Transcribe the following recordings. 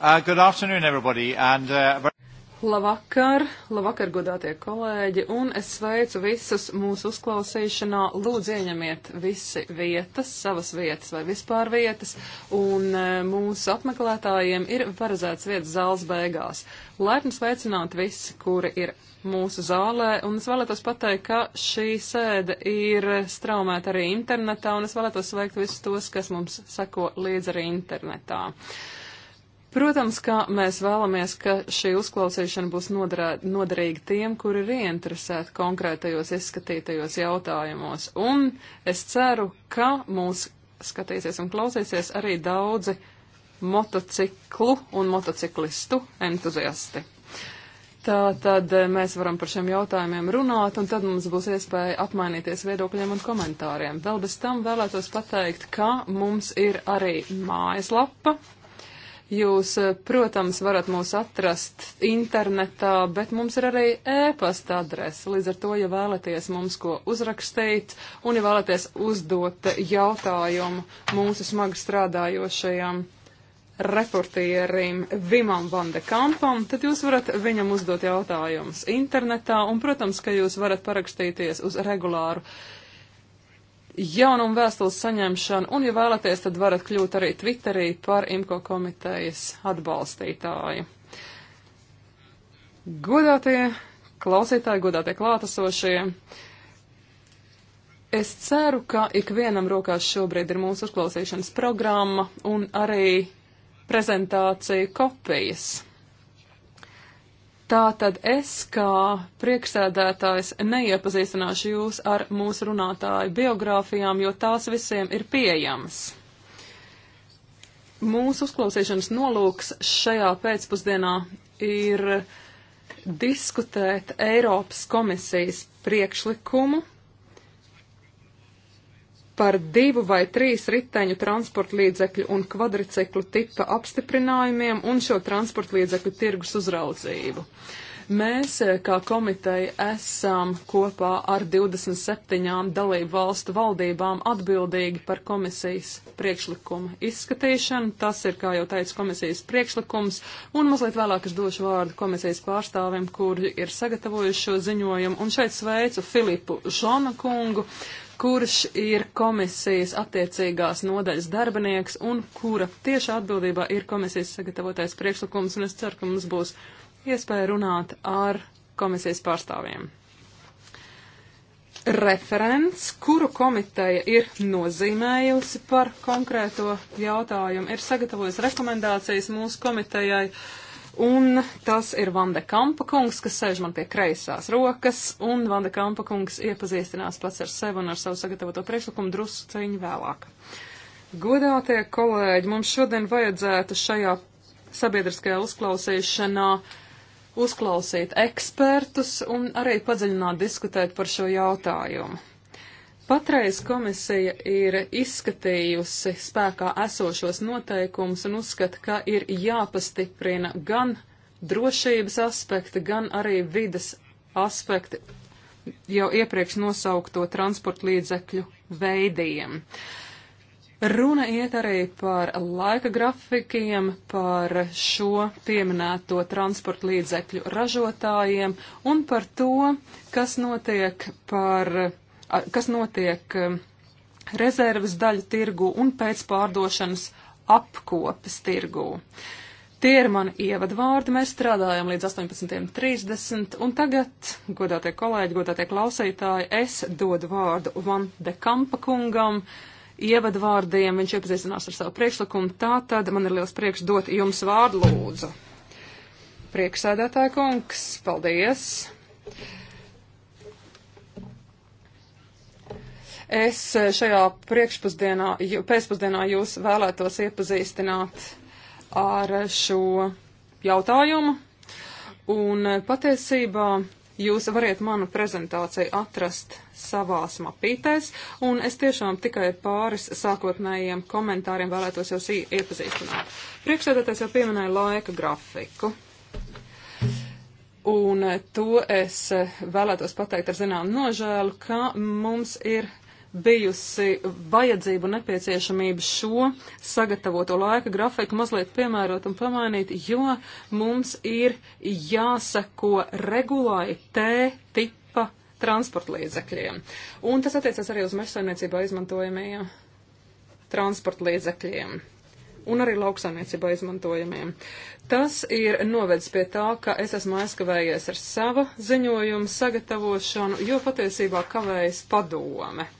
Uh, good afternoon, everybody, and, uh... Labvakar, labvakar, godātie kolēģi, un es sveicu visus mūsu uzklausīšanā. Lūdzu, ieņemiet visi vietas, savas vietas vai vispār vietas, un uh, mūsu apmeklētājiem ir paredzēts vietas zāles beigās. Laipni sveicināt visi, kuri ir mūsu zālē, un es vēlētos pateikt, ka šī sēde ir straumēta arī internetā, un es vēlētos sveikt visus tos, kas mums seko līdzi arī internetā. Uh, Protams, ka mēs vēlamies, ka šī uzklausīšana būs noderā, noderīga tiem, kuri ir ieinteresēti konkrētajos izskatītajos jautājumos. Un es ceru, ka mūs skatīsies un klausīsies arī daudzi motociklu un motociklistu entuziasti. Tā tad eh, mēs varam par šiem jautājumiem runāt, un tad mums būs iespēja apmainīties viedokļiem un komentāriem. Vēl bez tam vēlētos pateikt, ka mums ir arī mājaslapa, Jūs, eh, protams, varat mūs atrast internetā, bet mums ir arī ēpasta adrese. Līdz ar to, ja vēlaties mums ko uzrakstīt un ja vēlaties uzdot jautājumu mūsu smagi strādājošajam reportierim Vimam Vandekampam, tad jūs varat viņam uzdot jautājumus internetā, un, protams, ka jūs varat parakstīties uz regulāru jaunumu vēstules saņemšanu, un, ja vēlaties, tad varat kļūt arī Twitterī par IMCO komitejas atbalstītāju. Godātie klausītāji, godātie klātesošie, es ceru, ka ikvienam rokās šobrīd ir mūsu uzklausīšanas programma un arī prezentācija kopijas. Tā tad es, kā priekšsēdētājs, neiepazīstināšu jūs ar mūsu runātāju biogrāfijām, jo tās visiem ir pieejamas. Mūsu uzklausīšanas nolūks šajā pēcpusdienā ir diskutēt Eiropas komisijas priekšlikumu par divu vai trīs riteņu transporta līdzekļu un kvadriciklu tipa apstiprinājumiem un šo transporta līdzekļu tirgus uzraudzību. Mēs, eh, kā komiteja, esam kopā ar 27 dalību valstu valdībām atbildīgi par komisijas priekšlikumu izskatīšanu. Tas ir, kā jau teicu, komisijas priekšlikums, un mazliet vēlāk es došu vārdu komisijas pārstāvim, kuri ir sagatavojuši šo ziņojumu. Un šeit sveicu Filipu Žona kungu, kurš ir komisijas attiecīgās nodaļas darbinieks un kura tieši atbildībā ir komisijas sagatavotais priekšlikums, un es ceru, ka mums būs iespēja runāt ar komisijas pārstāvjiem. Referents, kuru komiteja ir nozīmējusi par konkrēto jautājumu, ir sagatavojis rekomendācijas mūsu komitejai uh, Un tas ir Vanda Kampa kungs, kas sēž man pie kreisās rokas, un Vanda Kampa kungs iepazīstinās pats ar sevi un ar savu sagatavoto priekšlikumu drusku ceļu vēlāk. Godātie kolēģi, mums šodien vajadzētu šajā sabiedriskajā uzklausīšanā uzklausīt ekspertus un arī padziļināt diskutēt par šo jautājumu. Patreiz komisija ir izskatījusi spēkā esošos noteikumus un uzskata, ka ir jāpastiprina gan drošības aspekti, gan arī vidas aspekti jau iepriekš nosaukto transporta līdzekļu veidiem. Runa iet arī par laika grafikiem, par šo pieminēto transporta līdzekļu ražotājiem un par to, kas notiek par kas notiek um, rezerves daļu tirgu un pēcpārdošanas apkopes tirgu. Tie ir mani ievadvārdi, mēs strādājam līdz 18.30, un tagad, godātie kolēģi, godātie klausītāji, es dodu vārdu Van de Kampa kungam, ievadvārdiem, viņš iepazīstinās ar savu priekšlikumu, tā tad man ir liels prieks dot jums vārdu lūdzu. Prieksēdētāja kungs, paldies! Es eh, šajā priekšpusdienā, pēcpusdienā jūs vēlētos iepazīstināt ar eh, šo jautājumu. Un eh, patiesībā jūs variet manu prezentāciju atrast savās mapītēs, un es tiešām tikai pāris sākotnējiem komentāriem vēlētos jūs iepazīstināt. Priekšsēdētājs jau pieminēja laika grafiku. Un to es vēlētos pateikt ar zinām nožēlu, ka mums ir bijusi vajadzība un nepieciešamība šo sagatavoto laika grafiku mazliet piemērot un pamainīt, jo mums ir jāsako regulāri T tipa transportlīdzekļiem. Un tas attiecas arī uz mežsaimniecībā izmantojamajiem transportlīdzekļiem un arī lauksaimniecībā izmantojamiem. Tas ir novedis pie tā, ka es esmu aizkavējies ar sava ziņojuma sagatavošanu, jo patiesībā kavējas padome.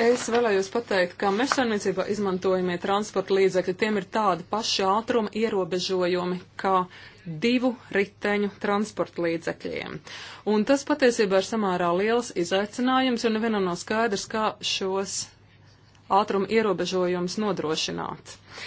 Es vēlējos pateikt, ka mēs saimniecībā izmantojamie transporta līdzekļi, tiem ir tādi paši ātruma ierobežojumi, kā divu riteņu transporta līdzekļiem. Un tas patiesībā ir samērā liels izaicinājums, jo nevienam nav skaidrs, kā šos ātruma ierobežojumus nodrošināt. Uh,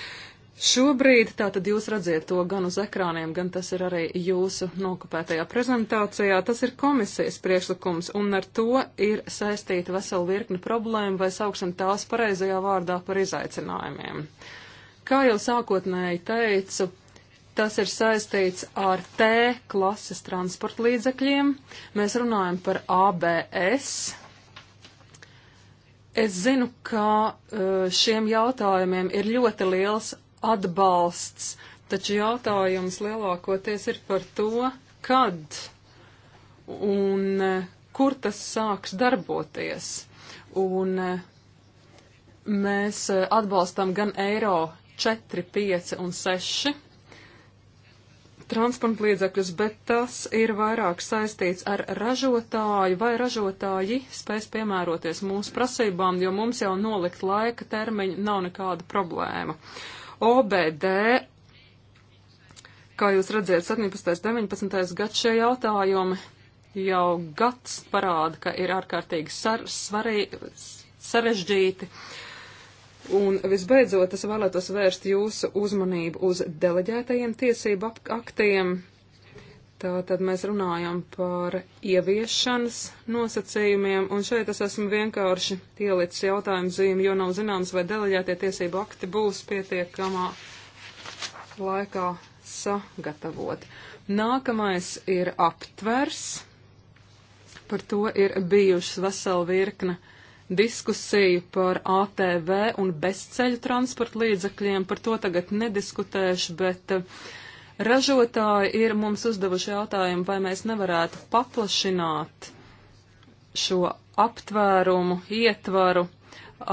Šobrīd tātad jūs redziet to gan uz ekrāniem, gan tas ir arī jūsu nokopētajā prezentācijā. Tas ir komisijas priekšlikums, un ar to ir saistīta vesela virkni problēma, vai sauksim tās pareizajā vārdā par izaicinājumiem. Kā jau sākotnēji teicu, tas ir saistīts ar T klases transporta līdzekļiem. Mēs runājam par ABS, Es zinu, ka eh, šiem jautājumiem ir ļoti liels atbalsts, taču jautājums lielākoties ir par to, kad un e, kur tas sāks darboties. Un e, mēs e, atbalstam gan eiro 4, 5 un 6 transporta līdzekļus, bet tas ir vairāk saistīts ar ražotāju, vai ražotāji spēs piemēroties mūsu prasībām, jo mums jau nolikt laika termiņu nav nekāda problēma. Uh, OBD, kā jūs redzējat, 17. 19. gads šie jautājumi jau gads parāda, ka ir ārkārtīgi sar, svarī, sarežģīti. Un visbeidzot, es vēlētos vērst jūsu uzmanību uz deleģētajiem tiesību aktiem. Tātad mēs runājam par ieviešanas nosacījumiem, un šeit es esmu vienkārši ielicis jautājumu zīmi, jo nav zināms, vai deleģētie tiesību akti būs pietiekamā laikā sagatavot. Nākamais ir aptvers. Par to ir bijušas vesela virkne diskusiju par ATV un bezceļu transporta līdzakļiem. Par to tagad nediskutēšu, bet uh, Ražotāji ir mums uzdevuši jautājumu, vai mēs nevarētu paplašināt šo aptvērumu, ietvaru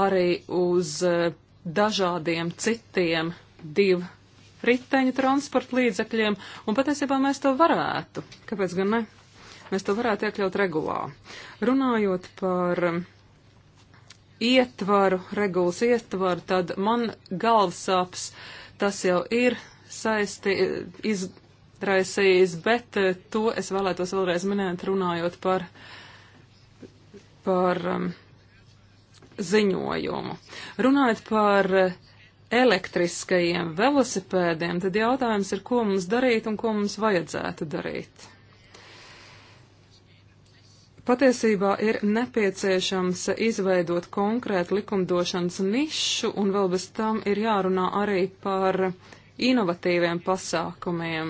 arī uz eh, dažādiem citiem divu riteņu transporta līdzekļiem, un patiesībā mēs to varētu. Kāpēc gan ne? Mēs to varētu iekļaut regulā. Runājot par ietvaru, regulas ietvaru, tad man galvas sāps tas jau ir saisti, izraisījis, bet eh, to es vēlētos vēlreiz minēt runājot par, par um, ziņojumu. Runājot par elektriskajiem velosipēdiem, tad jautājums ir, ko mums darīt un ko mums vajadzētu darīt. Patiesībā ir nepieciešams izveidot konkrētu likumdošanas nišu, un vēl bez tam ir jārunā arī par uh, inovatīviem pasākumiem.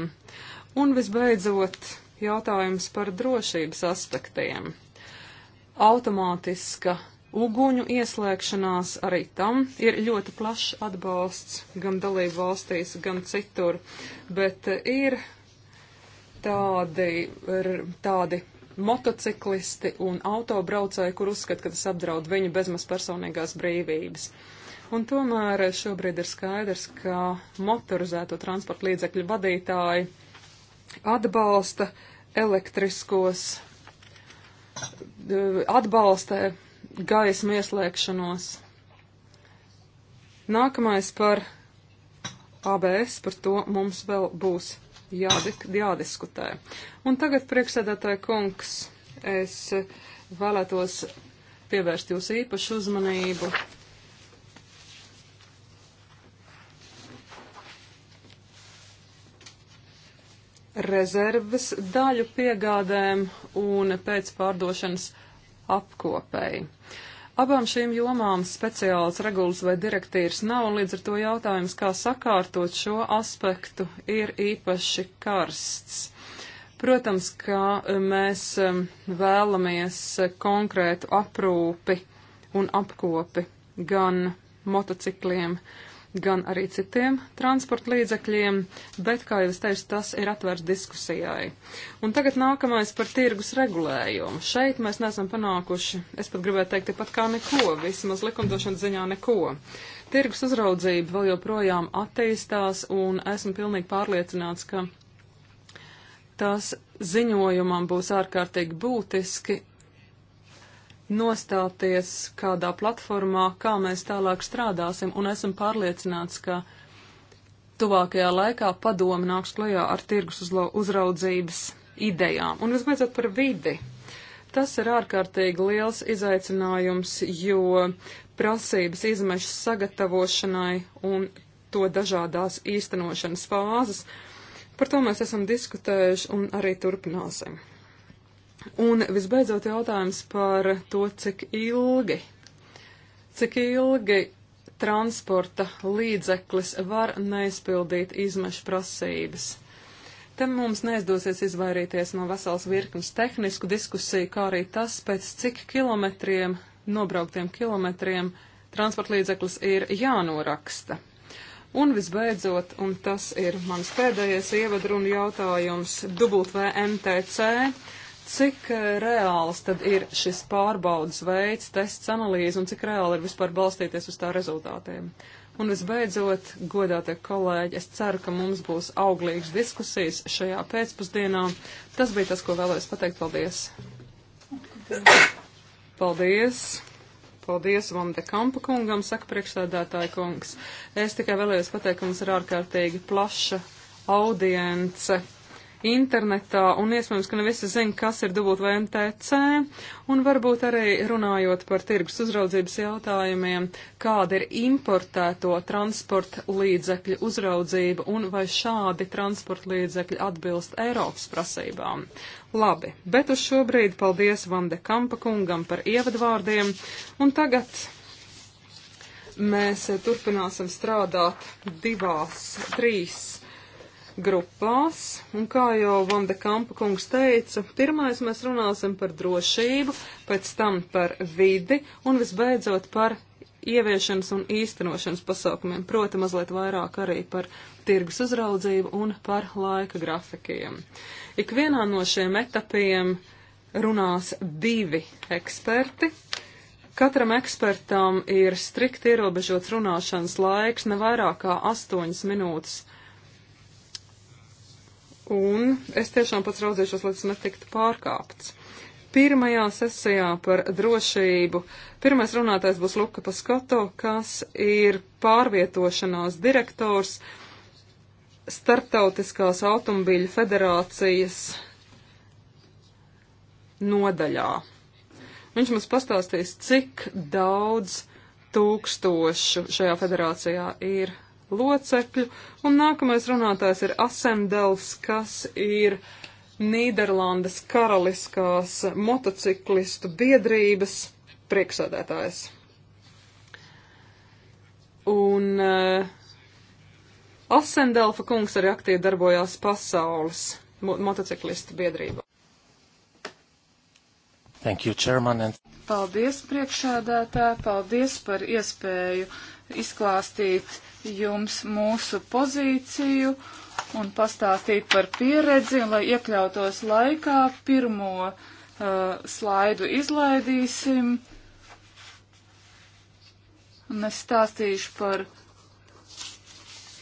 Un visbeidzot, jautājums par drošības aspektiem. Automātiska uguņu ieslēgšanās arī tam ir ļoti plašs atbalsts gan dalību valstīs, gan citur, bet ir tādi, ir tādi motociklisti un autobraucēji, kur uzskata, ka tas apdraud viņu bezmaz personīgās brīvības. Un tomēr šobrīd ir skaidrs, ka motorizēto transporta līdzekļu vadītāji atbalsta elektriskos, atbalsta gaismu ieslēgšanos. Nākamais par ABS, par to mums vēl būs jādik, jādiskutē. Un tagad, priekšsēdētāji kungs, es vēlētos pievērst jūs īpašu uzmanību rezerves daļu piegādēm un pēc pārdošanas apkopēji. Abām šīm jomām speciāls regulas vai direktīvas nav, un līdz ar to jautājums, kā sakārtot šo aspektu, ir īpaši karsts. Protams, ka e, mēs e, vēlamies konkrētu aprūpi un apkopi gan motocikliem, uh, gan arī citiem transporta līdzekļiem, bet, kā jau es teicu, tas ir atvērts diskusijai. Un tagad nākamais par tirgus regulējumu. Šeit mēs neesam panākuši, es pat gribētu teikt, pat kā neko, vismaz likumdošanas ziņā neko. Tirgus uzraudzība vēl joprojām attīstās, un esmu pilnīgi pārliecināts, ka tās ziņojumam būs ārkārtīgi būtiski nostāties kādā platformā, kā mēs tālāk strādāsim, un esmu pārliecināts, ka tuvākajā laikā padomi nāks klajā ar tirgus uzraudzības idejām. Un visbeidzot par vidi. Tas ir ārkārtīgi liels izaicinājums, jo prasības izmešas sagatavošanai un to dažādās īstenošanas fāzes. Par to mēs esam diskutējuši un arī turpināsim. Un visbeidzot jautājums par to, cik ilgi, cik ilgi transporta līdzeklis var neizpildīt izmešu prasības. Te mums neizdosies izvairīties no vesels virknes tehnisku diskusiju, kā arī tas, pēc cik kilometriem, nobrauktiem kilometriem transportlīdzeklis ir jānoraksta. Un visbeidzot, un tas ir mans pēdējais ievadrunu jautājums, dubult VMTC. Cik eh, reāls tad ir šis pārbaudas veids, tests analīze un cik reāli ir vispār balstīties uz tā rezultātiem? Un visbeidzot, godātie kolēģi, es ceru, ka mums būs auglīgas diskusijas šajā pēcpusdienā. Tas bija tas, ko vēlējos pateikt. Paldies! Paldies! Paldies Vanda Kampa kungam, saka priekšsēdētāja kungs. Es tikai vēlējos pateikt, ka mums ir ārkārtīgi plaša audience internetā, un iespējams, ka ne visi zina, kas ir dubult VMTC, un varbūt arī runājot par tirgus uzraudzības jautājumiem, kāda ir importēto transporta līdzekļu uzraudzība, un vai šādi transporta līdzekļi atbilst Eiropas prasībām. Labi, bet uz šobrīd paldies Vande Kampa kungam par ievadvārdiem, un tagad mēs turpināsim strādāt divās, trīs grupās, un kā jau Vanda Kampa kungs teica, pirmais mēs runāsim par drošību, pēc tam par vidi, un visbeidzot par ieviešanas un īstenošanas pasākumiem, proti mazliet vairāk arī par tirgus uzraudzību un par laika grafikiem. Ikvienā no šiem etapiem runās divi eksperti, Katram ekspertam ir strikti ierobežots runāšanas laiks, ne vairāk kā 8 minūtes un es tiešām pats raudzēšos, lai tas netiktu pārkāpts. Pirmajā sesijā par drošību. Pirmais runātājs būs Luka Paskato, kas ir pārvietošanās direktors Startautiskās automobīļu federācijas nodaļā. Viņš mums pastāstīs, cik daudz tūkstošu šajā federācijā ir locekļu, un nākamais runātājs ir Asemdels, kas ir Nīderlandes karaliskās motociklistu biedrības priekšsēdētājs. Un uh, eh, Asendelfa kungs arī aktīvi darbojās pasaules mo motociklistu biedrībā. Thank you, Chairman. And... Paldies, priekšādātā, paldies par iespēju izklāstīt jums mūsu pozīciju un pastāstīt par pieredzi, un lai iekļautos laikā, pirmo uh, slaidu izlaidīsim. Un es stāstīšu par,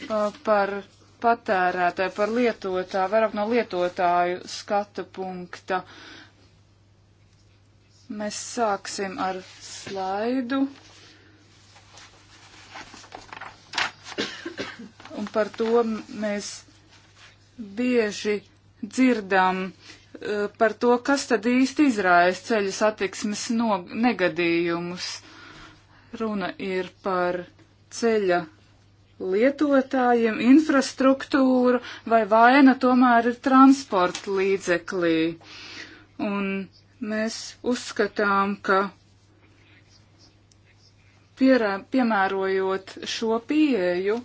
uh, par patērētāju, par lietotāju, vairāk no lietotāju skatu punkta. Mēs sāksim ar slaidu. un par to mēs bieži dzirdam uh, par to, kas tad īsti izrājas ceļu satiksmes no negadījumus. Runa ir par ceļa lietotājiem, infrastruktūru vai vaina tomēr ir transporta līdzeklī. Un mēs uzskatām, ka pierā, piemērojot šo pieeju,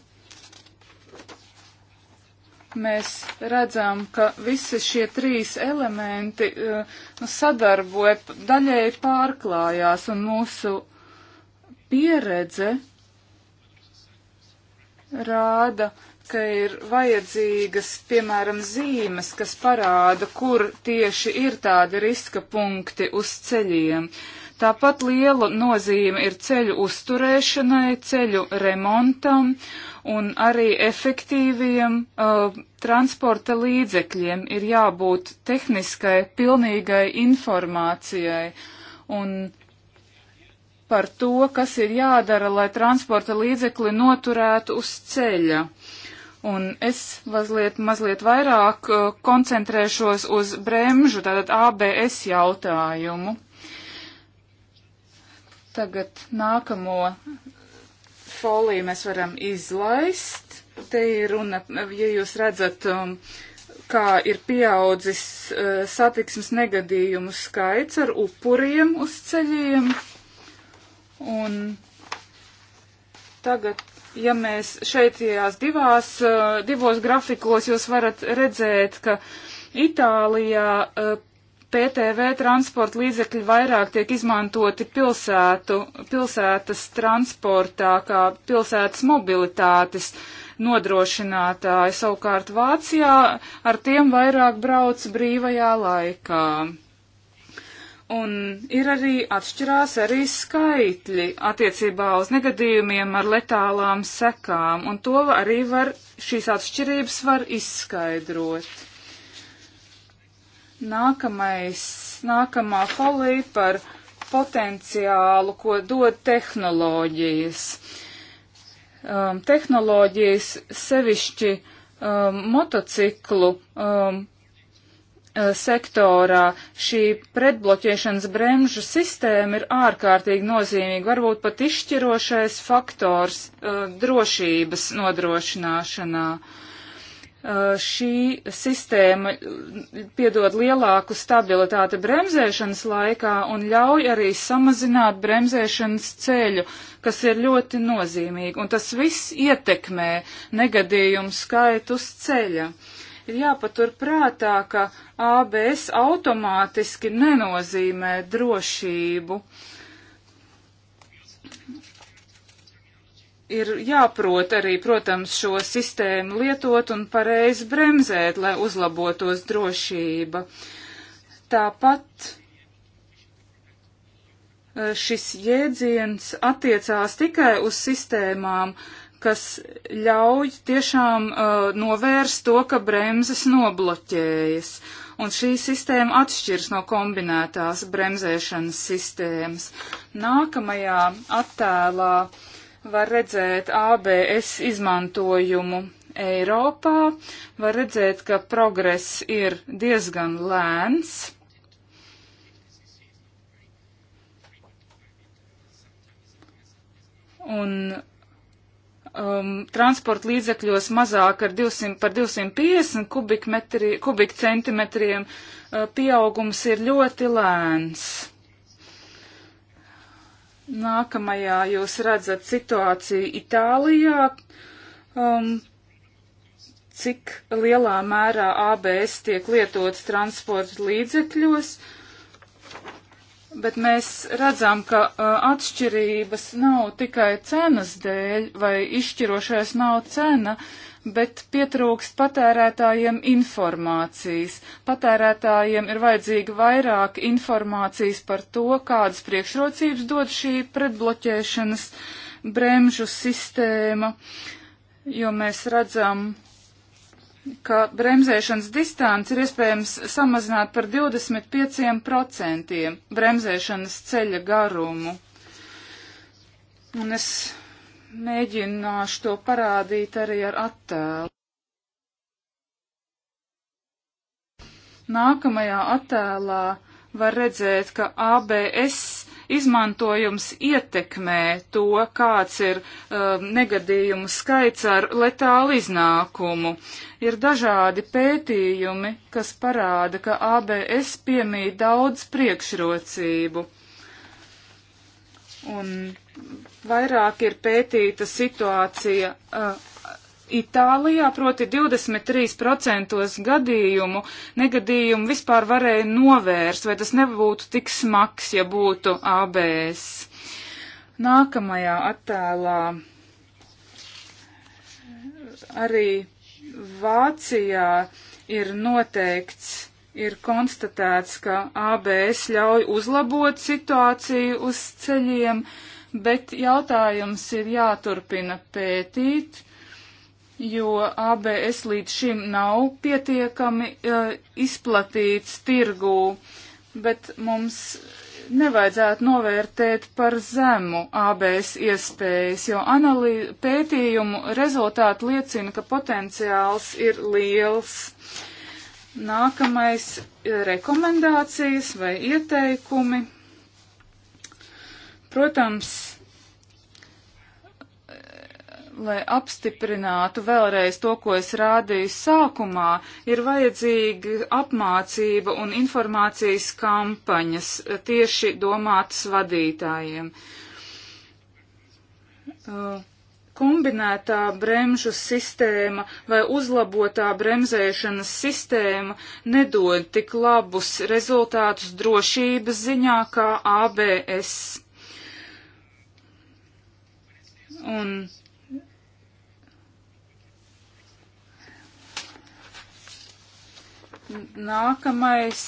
mēs redzam, ka visi šie trīs elementi eh, nu, sadarboja, daļēji pārklājās, un mūsu pieredze rāda, ka ir vajadzīgas, piemēram, zīmes, kas parāda, kur tieši ir tādi riska punkti uz ceļiem. Uh, Tāpat liela nozīme ir ceļu uzturēšanai, ceļu remontam un arī efektīviem uh, transporta līdzekļiem ir jābūt tehniskai, pilnīgai informācijai un par to, kas ir jādara, lai transporta līdzekli noturētu uz ceļa. Un es mazliet, mazliet vairāk uh, koncentrēšos uz bremžu, tātad ABS jautājumu. Tagad nākamo foliju mēs varam izlaist. Te ir runa, ja jūs redzat, um, kā ir pieaudzis uh, satiksmes negadījumu skaits ar upuriem uz ceļiem. Un tagad, ja mēs šeit tajās divās, uh, divos grafikos jūs varat redzēt, ka Itālijā uh, PTV transporta līdzekļi vairāk tiek izmantoti pilsētu, pilsētas transportā, kā pilsētas mobilitātes nodrošinātāji. Savukārt Vācijā ar tiem vairāk brauc brīvajā laikā. Un ir arī atšķirās arī skaitļi attiecībā uz negadījumiem ar letālām sekām, un to arī var, šīs atšķirības var izskaidrot. Nākamais, nākamā folija par potenciālu, ko dod tehnoloģijas. Um, tehnoloģijas sevišķi um, motociklu um, uh, sektorā šī pretbloķēšanas bremžu sistēma ir ārkārtīgi nozīmīga, varbūt pat izšķirošais faktors uh, drošības nodrošināšanā. Uh, Eh, šī sistēma piedod lielāku stabilitāti bremzēšanas laikā un ļauj arī samazināt bremzēšanas ceļu, kas ir ļoti nozīmīgi. Un tas viss ietekmē negadījumu skaitu uz ceļa. Ir jāpatur prātā, ka ABS automātiski nenozīmē drošību. Uh, ir jāprot arī, protams, šo sistēmu lietot un pareizi bremzēt, lai uzlabotos drošība. Tāpat eh, šis jēdziens attiecās tikai uz sistēmām, kas ļauj tiešām uh, novērst to, ka bremzes nobloķējas. Un šī sistēma atšķirs no kombinētās bremzēšanas sistēmas. Nākamajā attēlā uh, var redzēt ABS izmantojumu Eiropā, var redzēt, ka progress ir diezgan lēns. Un um, transporta līdzekļos mazāk ar 200, par 250 kubikcentimetriem kubik uh, pieaugums ir ļoti lēns. Nākamajā jūs redzat situāciju Itālijā, um, cik lielā mērā ABS tiek lietots transporta līdzekļos, bet mēs redzam, ka uh, atšķirības nav tikai cenas dēļ vai izšķirošais nav cena, uh, bet pietrūkst patērētājiem informācijas. Patērētājiem ir vajadzīga vairāk informācijas par to, kādas priekšrocības dod šī pretbloķēšanas bremžu sistēma, jo mēs redzam, ka bremzēšanas distance ir iespējams samazināt par 25% bremzēšanas ceļa garumu. Un es Mēģināšu to parādīt arī ar attēlu. Nākamajā attēlā var redzēt, ka ABS izmantojums ietekmē to, kāds ir um, negadījumu skaits ar letālu iznākumu. Ir dažādi pētījumi, kas parāda, ka ABS piemīt daudz priekšrocību. Un vairāk ir pētīta situācija uh, Itālijā, proti 23% gadījumu negadījumu vispār varēja novērst, vai tas nebūtu tik smags, ja būtu ABS. Nākamajā attēlā arī Vācijā ir noteikts, ir konstatēts, ka ABS ļauj uzlabot situāciju uz ceļiem. Uh, bet jautājums ir jāturpina pētīt, jo ABS līdz šim nav pietiekami uh, izplatīts tirgū, bet mums nevajadzētu novērtēt par zemu ABS iespējas, jo analī pētījumu rezultāti liecina, ka potenciāls ir liels. Nākamais e, rekomendācijas vai ieteikumi. Protams, lai apstiprinātu vēlreiz to, ko es rādīju sākumā, ir vajadzīga apmācība un informācijas kampaņas tieši domātas vadītājiem. Uh, Kombinētā bremžu sistēma vai uzlabotā bremzēšanas sistēma nedod tik labus rezultātus drošības ziņā kā ABS Un nākamais.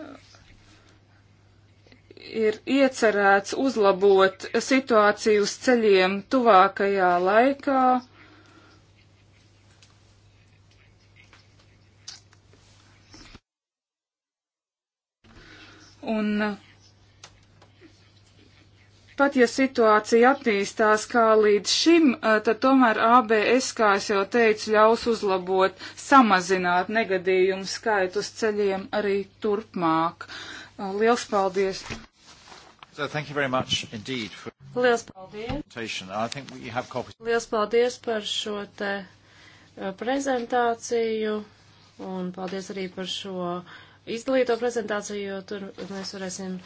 Uh, ir iecerēts uzlabot situāciju uz ceļiem tuvākajā laikā. Un Pat ja situācija attīstās kā līdz šim, eh, tad tomēr ABS, kā es jau teicu, ļaus uzlabot, samazināt negadījumu skaitu uz ceļiem arī turpmāk. Eh, liels paldies! So thank you very much indeed for Liels paldies! I think we have copies. Liels paldies par šo te eh, prezentāciju un paldies arī par šo izdalīto prezentāciju, jo tur mēs varēsim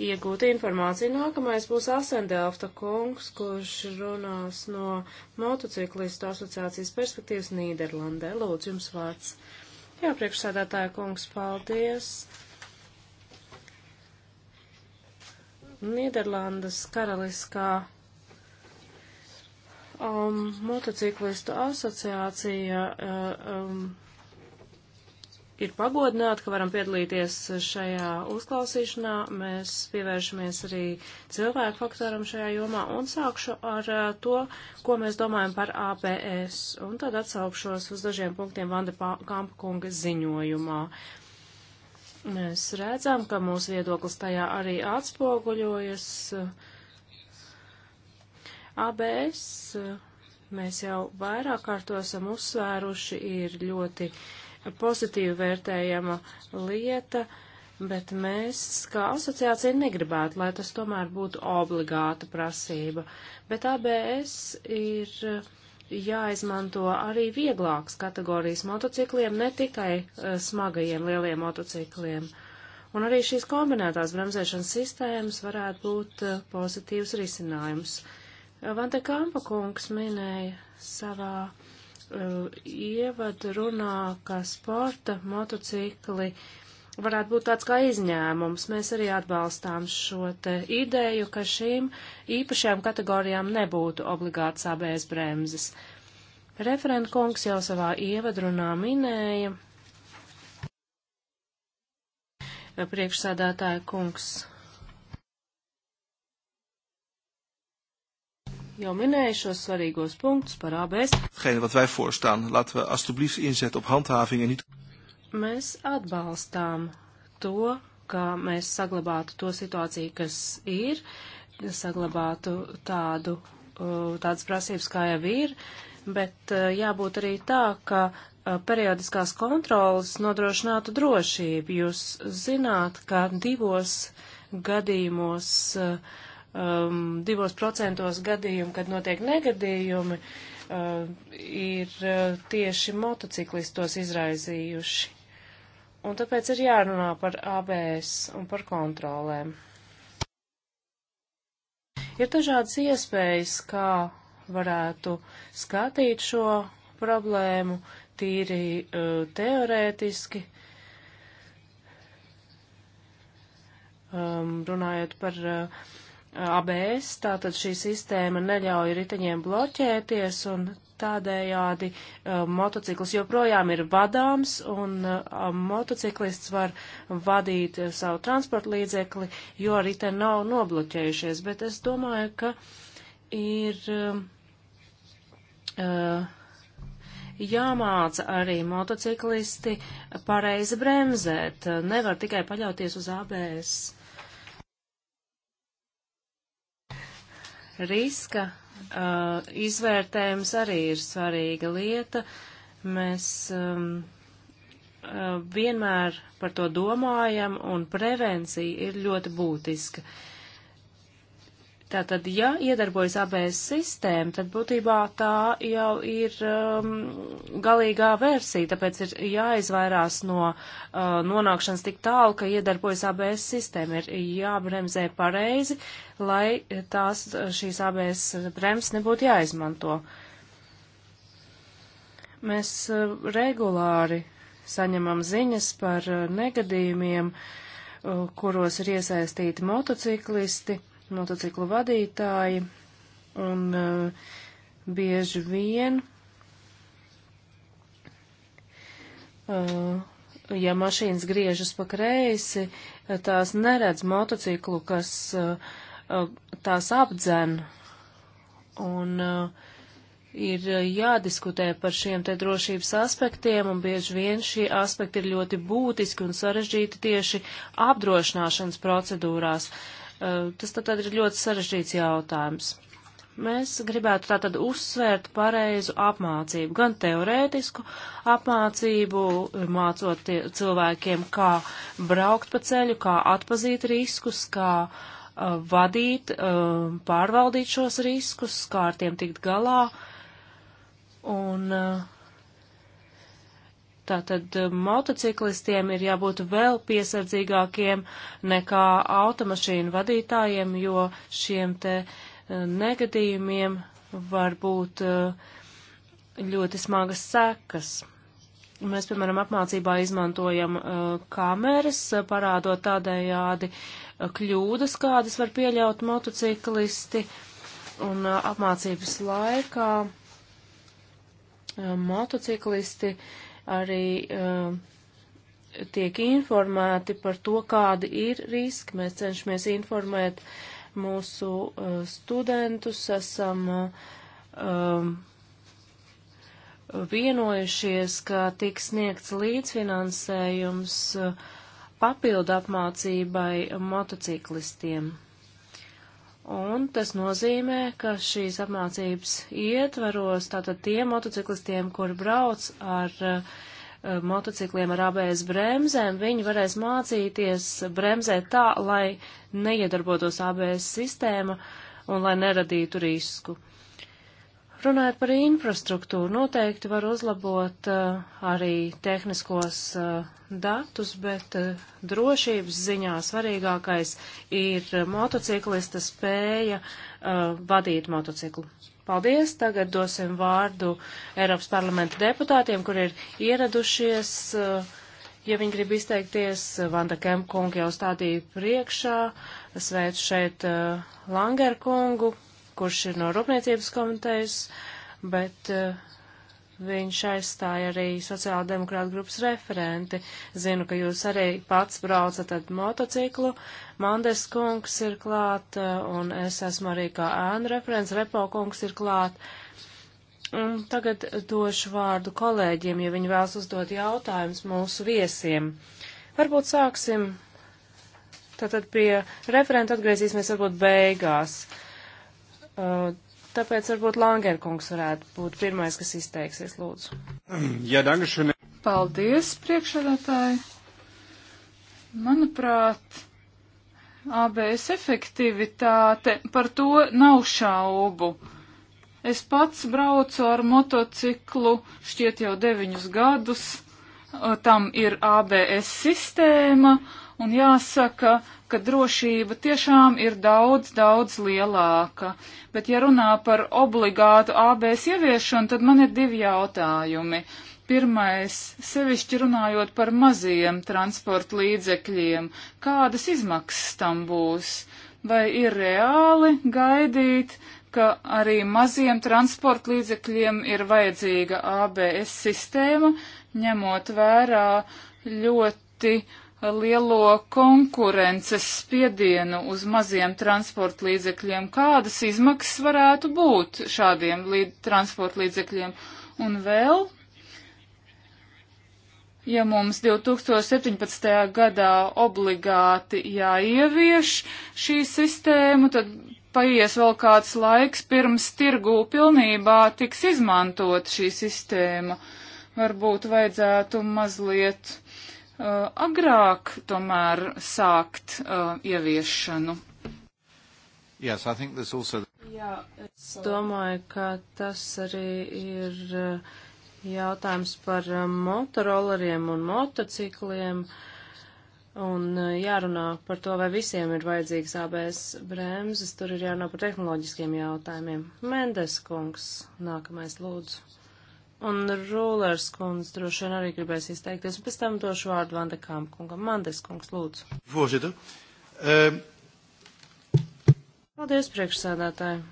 iegūt informāciju. Nākamais būs Asendelfta kungs, kurš runās no motociklistu asociācijas perspektīvas Nīderlandē. Lūdzu, jums vārds. Jā, priekšsēdētāja kungs, paldies. Nīderlandes karaliskā um, motociklistu asociācija uh, um, ir pagodināti, ka varam piedalīties šajā uzklausīšanā. Mēs pievēršamies arī cilvēku faktoram šajā jomā un sākšu ar uh, to, ko mēs domājam par APS. Un tad atsaukšos uz dažiem punktiem Vanda Kampkunga ziņojumā. Mēs redzam, ka mūsu viedoklis tajā arī atspoguļojas. ABS, uh, mēs jau vairāk kārt to esam uzsvēruši, ir ļoti uh, pozitīvi vērtējama lieta, bet mēs kā asociācija negribētu, lai tas tomēr būtu obligāta prasība. Bet ABS ir jāizmanto arī vieglākas kategorijas motocikliem, ne tikai uh, smagajiem lieliem motocikliem. Un arī šīs kombinētās bremzēšanas sistēmas varētu būt uh, pozitīvs risinājums. Vante Kampa kungs minēja savā ievadu runā, ka sporta motocikli varētu būt tāds kā izņēmums. Mēs arī atbalstām šo te ideju, ka šīm īpašajām kategorijām nebūtu obligāts ABS bremzes. Referent kungs jau savā ievadrunā minēja, priekšsādātāja kungs jau minēju šos svarīgos punktus par ABS. Mēs atbalstām to, ka mēs saglabātu to situāciju, kas ir, saglabātu tādu, tādas prasības, kā jau ir, bet e, jābūt arī tā, ka e, periodiskās kontrolas nodrošinātu drošību. Jūs zināt, ka divos gadījumos uh, um, divos procentos gadījumu, kad notiek negadījumi, uh, ir uh, tieši motociklistos izraizījuši. Un tāpēc ir jārunā par ABS un par kontrolēm. Ir dažādas iespējas, kā varētu skatīt šo problēmu, tīri uh, teorētiski, um, runājot par uh, ABS, tātad šī sistēma neļauj riteņiem bloķēties un tādējādi uh, motociklis joprojām ir vadāms un uh, motociklists var vadīt uh, savu transporta līdzekli, jo riteņi nav nobloķējušies. Bet es domāju, ka ir um, uh, jāmāca arī motociklisti pareizi bremzēt. Nevar tikai paļauties uz ABS. riska uh, izvērtējums arī ir svarīga lieta. Mēs um, uh, vienmēr par to domājam, un prevencija ir ļoti būtiska. Uh, Tātad, ja iedarbojas ABS sistēma, tad būtībā tā jau ir um, galīgā versija, tāpēc ir jāizvairās no uh, nonākšanas tik tālu, ka iedarbojas ABS sistēma. Ir jābremzē pareizi, lai tās, šīs ABS bremzes nebūtu jāizmanto. Mēs uh, regulāri saņemam ziņas par uh, negadījumiem, uh, kuros ir iesaistīti motociklisti motociklu vadītāji, un uh, bieži vien, uh, ja mašīnas griežas pa kreisi, tās neredz motociklu, kas uh, uh, tās apdzen. Un uh, ir jādiskutē par šiem te drošības aspektiem, un bieži vien šie aspekti ir ļoti būtiski un sarežģīti tieši apdrošināšanas procedūrās. Uh, Eh, tas tad ir ļoti sarežģīts jautājums. Mēs gribētu tātad uzsvērt pareizu apmācību, gan teorētisku apmācību, eh, mācot cilvēkiem, kā braukt pa ceļu, kā atpazīt riskus, kā uh, vadīt, uh, pārvaldīt šos riskus, kā ar tiem tikt galā. Un uh, Tātad um, motociklistiem ir jābūt vēl piesardzīgākiem nekā automašīnu vadītājiem, jo šiem te uh, negadījumiem var būt uh, ļoti smagas sekas. Mēs, piemēram, apmācībā izmantojam uh, kameras, parādot tādējādi kļūdas, kādas var pieļaut motociklisti. Un apmācības laikā motociklisti uh, arī uh, tiek informēti par to, kādi ir riski. Mēs cenšamies informēt mūsu uh, studentus, esam uh, vienojušies, ka tiks sniegts līdzfinansējums papildu apmācībai motociklistiem. Un tas nozīmē, ka šīs apmācības ietvaros tātad tiem motociklistiem, kur brauc ar uh, motocikliem ar ABS bremzēm, viņi varēs mācīties bremzēt tā, lai neiedarbotos ABS sistēma un lai neradītu risku. Runājot par infrastruktūru, noteikti var uzlabot uh, arī tehniskos uh, datus, bet uh, drošības ziņā svarīgākais ir motociklista spēja vadīt motociklu. Paldies! Tagad dosim vārdu Eiropas parlamenta deputātiem, kur ir ieradušies. Ja viņi grib izteikties, Vanda Kemkunga jau stādīja priekšā, sveicu šeit Langer kungu, kurš ir no Rūpniecības komitejas, bet uh, viņš aizstāja arī sociāla demokrāta grupas referenti. Zinu, ka jūs arī pats braucat ar motociklu. Mandes kungs ir klāt, eh, un es esmu arī kā ēnu referents, Repo kungs ir klāt. Un tagad došu vārdu kolēģiem, ja viņi vēlas uzdot jautājumus mūsu viesiem. Varbūt sāksim. Tātad pie referenta atgriezīsimies varbūt beigās. Uh, Uh, tāpēc varbūt Langerkungs varētu būt pirmais, kas izteiksies, lūdzu. Jā, ja, dankušana. Paldies, priekšsēdētāji. Manuprāt, ABS efektivitāte, par to nav šaubu. Es pats braucu ar motociklu šķiet jau deviņus gadus. Tam ir ABS sistēma, un jāsaka, ka drošība tiešām ir daudz, daudz lielāka. Bet, ja runā par obligātu ABS ieviešanu, tad man ir divi jautājumi. Pirmais, sevišķi runājot par maziem transporta līdzekļiem, kādas izmaksas tam būs? Vai ir reāli gaidīt, ka arī maziem transporta līdzekļiem ir vajadzīga ABS sistēma, ņemot vērā ļoti lielo konkurences spiedienu uz maziem transporta līdzekļiem, kādas izmaksas varētu būt šādiem līd transporta līdzekļiem. Un vēl, ja mums 2017. gadā obligāti jāievieš šī sistēma, tad paies vēl kāds laiks pirms tirgū pilnībā tiks izmantot šī sistēma. Varbūt vajadzētu mazliet Uh, agrāk tomēr sākt uh, ieviešanu. Yes, also... Jā, es domāju, ka tas arī ir uh, jautājums par motoroleriem un motocikliem. Un jārunā par to, vai visiem ir vajadzīgas ABS bremzes, tur ir jārunā par tehnoloģiskiem jautājumiem. Mendes kungs, nākamais lūdzu un Rūlers kundze droši vien arī gribēs izteikties, un pēc tam došu vārdu Vanda Kāmkungam. Mandes kungs, lūdzu. Voorzitter. Um... Paldies, priekšsēdētāji.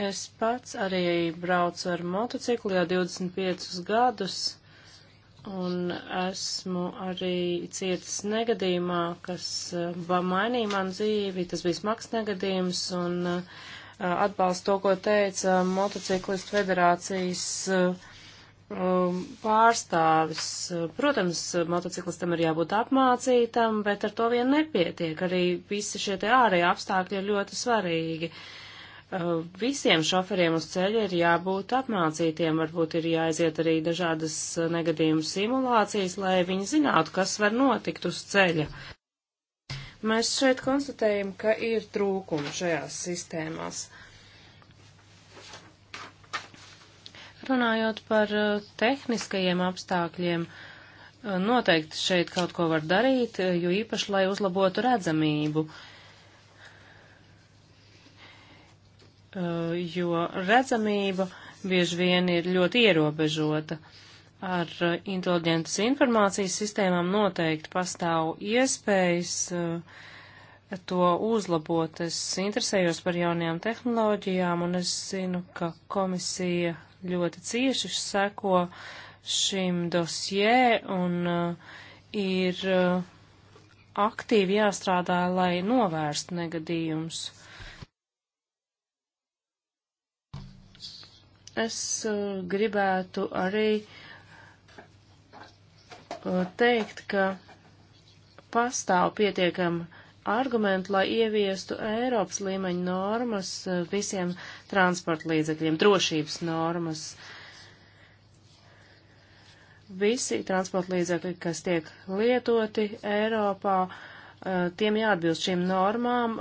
Es pats arī braucu ar motociklu jau 25 gadus un esmu arī cietis negadījumā, kas eh, mainīja man dzīvi, tas bija smags negadījums, un eh, atbalstu to, ko teica motociklistu federācijas eh, um, pārstāvis. Protams, motociklistam ir jābūt apmācītam, bet ar to vien nepietiek. Arī visi šie te ārēji apstākļi ir ļoti svarīgi. Uh, Eh, visiem šoferiem uz ceļa ir jābūt apmācītiem, varbūt ir jāaiziet arī dažādas eh, negadījumu simulācijas, lai viņi zinātu, kas var notikt uz ceļa. Mēs šeit konstatējam, ka ir trūkumi šajās sistēmās. Runājot par eh, tehniskajiem apstākļiem, noteikti šeit kaut ko var darīt, jo īpaši, lai uzlabotu redzamību. Uh, Uh, jo redzamība bieži vien ir ļoti ierobežota. Ar uh, inteliģentas informācijas sistēmām noteikti pastāv iespējas uh, to uzlabot. Es interesējos par jaunajām tehnoloģijām, un es zinu, ka komisija ļoti cieši seko šim dosjē un ir aktīvi jāstrādā, lai novērstu negadījumus. Es uh, gribētu arī uh, teikt, ka pastāv pietiekami argumenti, lai ieviestu Eiropas līmeņa normas uh, visiem transporta līdzekļiem, drošības normas. Visi transporta līdzekļi, kas tiek lietoti Eiropā, uh, Eh, tiem jāatbilst šīm normām.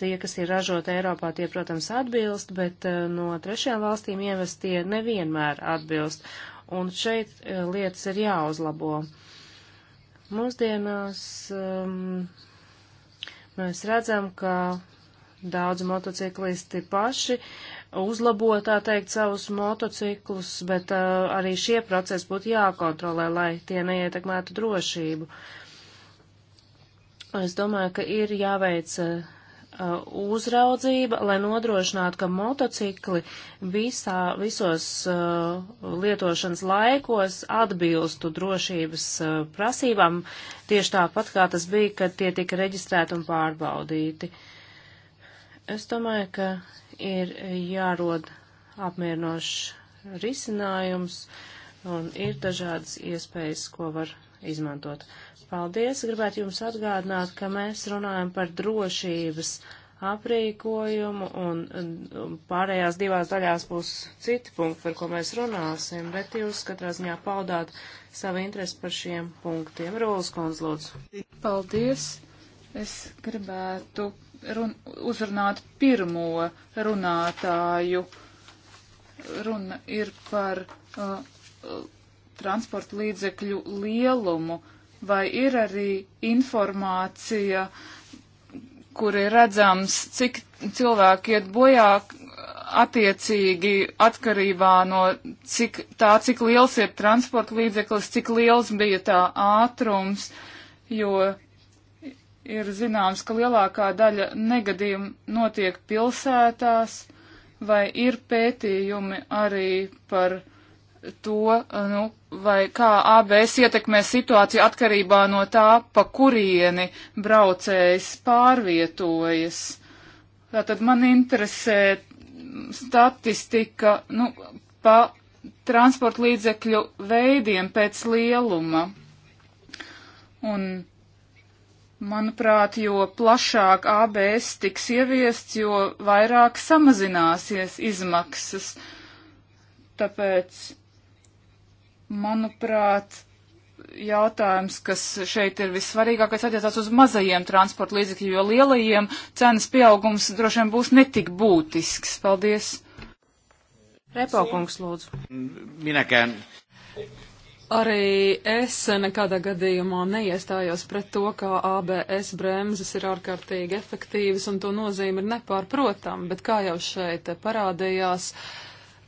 Tie, kas ir ražoti Eiropā, tie, protams, atbilst, bet eh, no trešajām valstīm ievestie nevienmēr atbilst. Un šeit eh, lietas ir jāuzlabo. Mūsdienās um, mēs redzam, ka daudz motociklisti paši uzlabo, tā teikt, savus motociklus, bet uh, arī šie procesi būtu jākontrolē, lai tie neietekmētu drošību. Uh, Es domāju, ka ir jāveic uh, uh, uzraudzība, lai nodrošinātu, ka motocikli visā, visos uh, lietošanas laikos atbilstu drošības uh, prasībām, tieši tāpat kā tas bija, kad tie tika reģistrēti un pārbaudīti. Es domāju, ka ir jārod apmierinošs risinājums un ir dažādas iespējas, ko var izmantot. Uh, Paldies! Gribētu jums atgādināt, ka mēs runājam par drošības aprīkojumu un, un pārējās divās daļās būs citi punkti, par ko mēs runāsim, bet jūs katrā ziņā paudāt savu interesi par šiem punktiem. Rūlis Kons, lūdzu. Paldies! Es gribētu run uzrunāt pirmo runātāju. Runa ir par uh, uh transporta līdzekļu lielumu. Uh, vai ir arī informācija, kur ir redzams, cik cilvēki iet bojā attiecīgi atkarībā no cik, tā, cik liels ir transporta līdzeklis, cik liels bija tā ātrums, jo ir zināms, ka lielākā daļa negadījumu notiek pilsētās, vai ir pētījumi arī par to, nu, vai kā ABS ietekmē situāciju atkarībā no tā, pa kurieni braucējs pārvietojas. Tātad man interesē statistika nu, pa transporta līdzekļu veidiem pēc lieluma. Un, manuprāt, jo plašāk ABS tiks ieviests, jo vairāk samazināsies izmaksas. Tāpēc Manuprāt, jautājums, kas šeit ir vissvarīgākais, attiecās uz mazajiem transporta līdzekļiem, jo lielajiem cenas pieaugums droši vien būs netik būtisks. Paldies! Repaukungs, lūdzu. Minēkēn. Arī es nekādā gadījumā neiestājos pret to, kā ABS bremzes ir ārkārtīgi efektīvas un to nozīme ir nepārprotam, bet kā jau šeit parādījās, uh,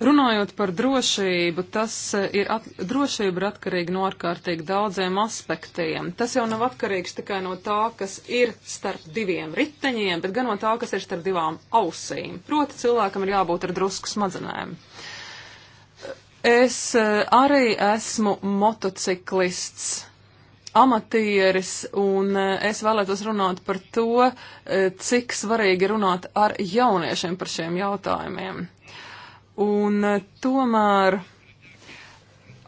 Runājot par drošību, tas eh, ir at, drošība ir atkarīga no ārkārtīgi daudziem aspektiem. Tas jau nav atkarīgs tikai no tā, kas ir starp diviem riteņiem, bet gan no tā, kas ir starp divām ausīm. Proti, cilvēkam ir jābūt ar drusku smadzenēm. Es eh, arī esmu motociklists. Amatieris, un eh, es vēlētos runāt par to, cik svarīgi runāt ar jauniešiem par šiem jautājumiem un eh, tomēr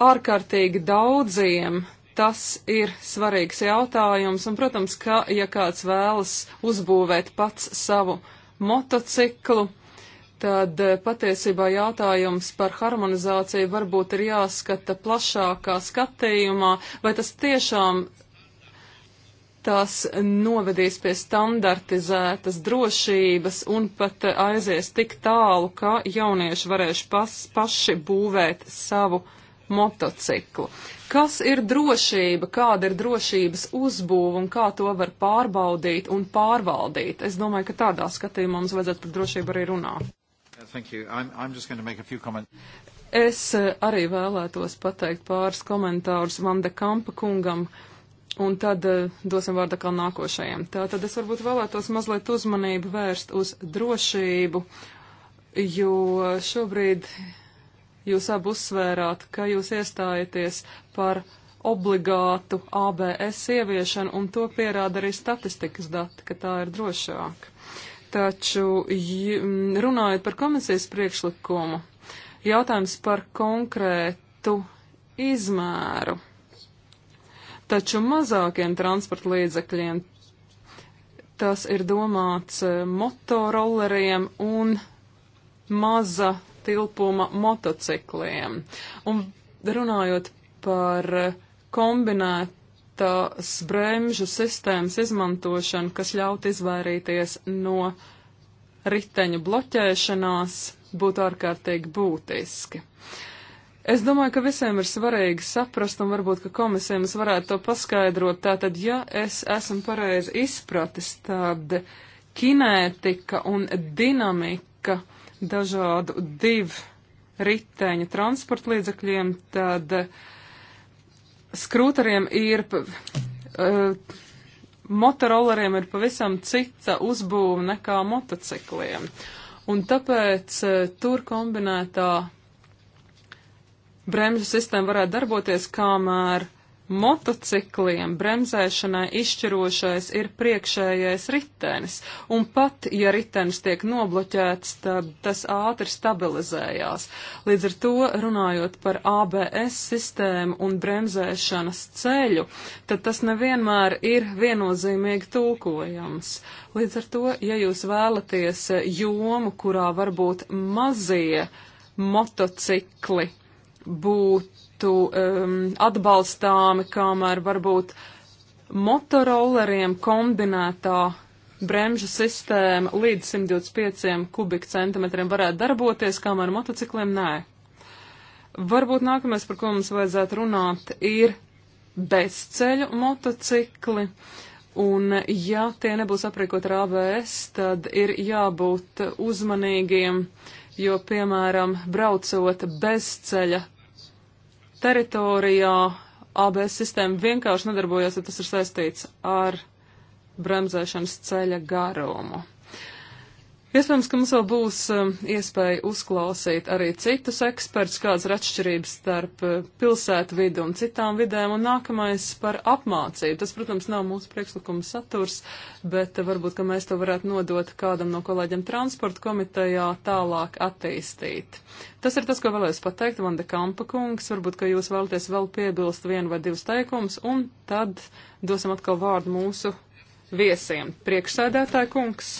ārkārtīgi daudziem tas ir svarīgs jautājums, un, protams, ka, ja kāds vēlas uzbūvēt pats savu motociklu, tad eh, patiesībā jautājums par harmonizāciju varbūt ir jāskata plašākā skatījumā, vai tas tiešām tās novedīs pie standartizētas drošības un pat aizies tik tālu, ka jaunieši varēs pas, paši būvēt savu motociklu. Kas ir drošība, kāda ir drošības uzbūva un kā to var pārbaudīt un pārvaldīt? Es domāju, ka tādā skatījumā mums vajadzētu par drošību arī runāt. I'm, I'm es eh, arī vēlētos pateikt pāris komentārus Vande Kampa kungam. Uh, Un tad eh, dosim vārdu atkal nākošajam. Tātad es varbūt vēlētos mazliet uzmanību vērst uz drošību, jo šobrīd jūs abi uzsvērāt, ka jūs iestājaties par obligātu ABS ieviešanu, un to pierāda arī statistikas dati, ka tā ir drošāka. Taču runājot par komisijas priekšlikumu, jautājums par konkrētu izmēru taču mazākiem transporta līdzekļiem tas ir domāts e, motorolleriem un maza tilpuma motocikliem. Un runājot par kombinētās bremžu sistēmas izmantošanu, kas ļaut izvairīties no riteņu bloķēšanās, būtu ārkārtīgi būtiski. Uh, Es domāju, ka visiem ir svarīgi saprast, un varbūt, ka komisija mums varētu to paskaidrot. Tātad, ja es esmu pareizi izpratis, tad kinētika un dinamika dažādu divu riteņu transporta līdzakļiem, tad skrūteriem ir, uh, eh, motoroleriem ir pavisam cita uzbūve nekā motocikliem. Un tāpēc uh, tur kombinētā bremžu sistēma varētu darboties, kamēr motocikliem bremzēšanai izšķirošais ir priekšējais ritenis, un pat, ja ritenis tiek nobloķēts, tad tas ātri stabilizējās. Līdz ar to, runājot par ABS sistēmu un bremzēšanas ceļu, tad tas nevienmēr ir viennozīmīgi tulkojams. Līdz ar to, ja jūs vēlaties jomu, kurā varbūt mazie motocikli būtu um, atbalstāmi, kamēr varbūt motoroleriem kombinētā bremžu sistēma līdz 125 kubikcentimetriem varētu darboties, kamēr motocikliem nē. Varbūt nākamais, par ko mums vajadzētu runāt, ir bezceļu motocikli. Un ja tie nebūs aprīkot ar ABS, tad ir jābūt uzmanīgiem. Uh, jo, piemēram, braucot bezceļa teritorijā, ABS sistēma vienkārši nedarbojas, ja tas ir saistīts ar bremzēšanas ceļa garumu. Iespējams, ka mums vēl būs um, iespēja uzklausīt arī citus ekspertus, kādas ir atšķirības starp uh, pilsētu vidu un citām vidēm, un nākamais par apmācību. Tas, protams, nav mūsu priekšlikuma saturs, bet uh, varbūt, ka mēs to varētu nodot kādam no kolēģiem transporta komitejā tālāk attīstīt. Tas ir tas, ko vēlējos pateikt, Vanda Kampa kungs, varbūt, ka jūs vēlaties vēl piebilst vienu vai divus teikumus, un tad dosim atkal vārdu mūsu viesiem. Priekšsēdētāja kungs.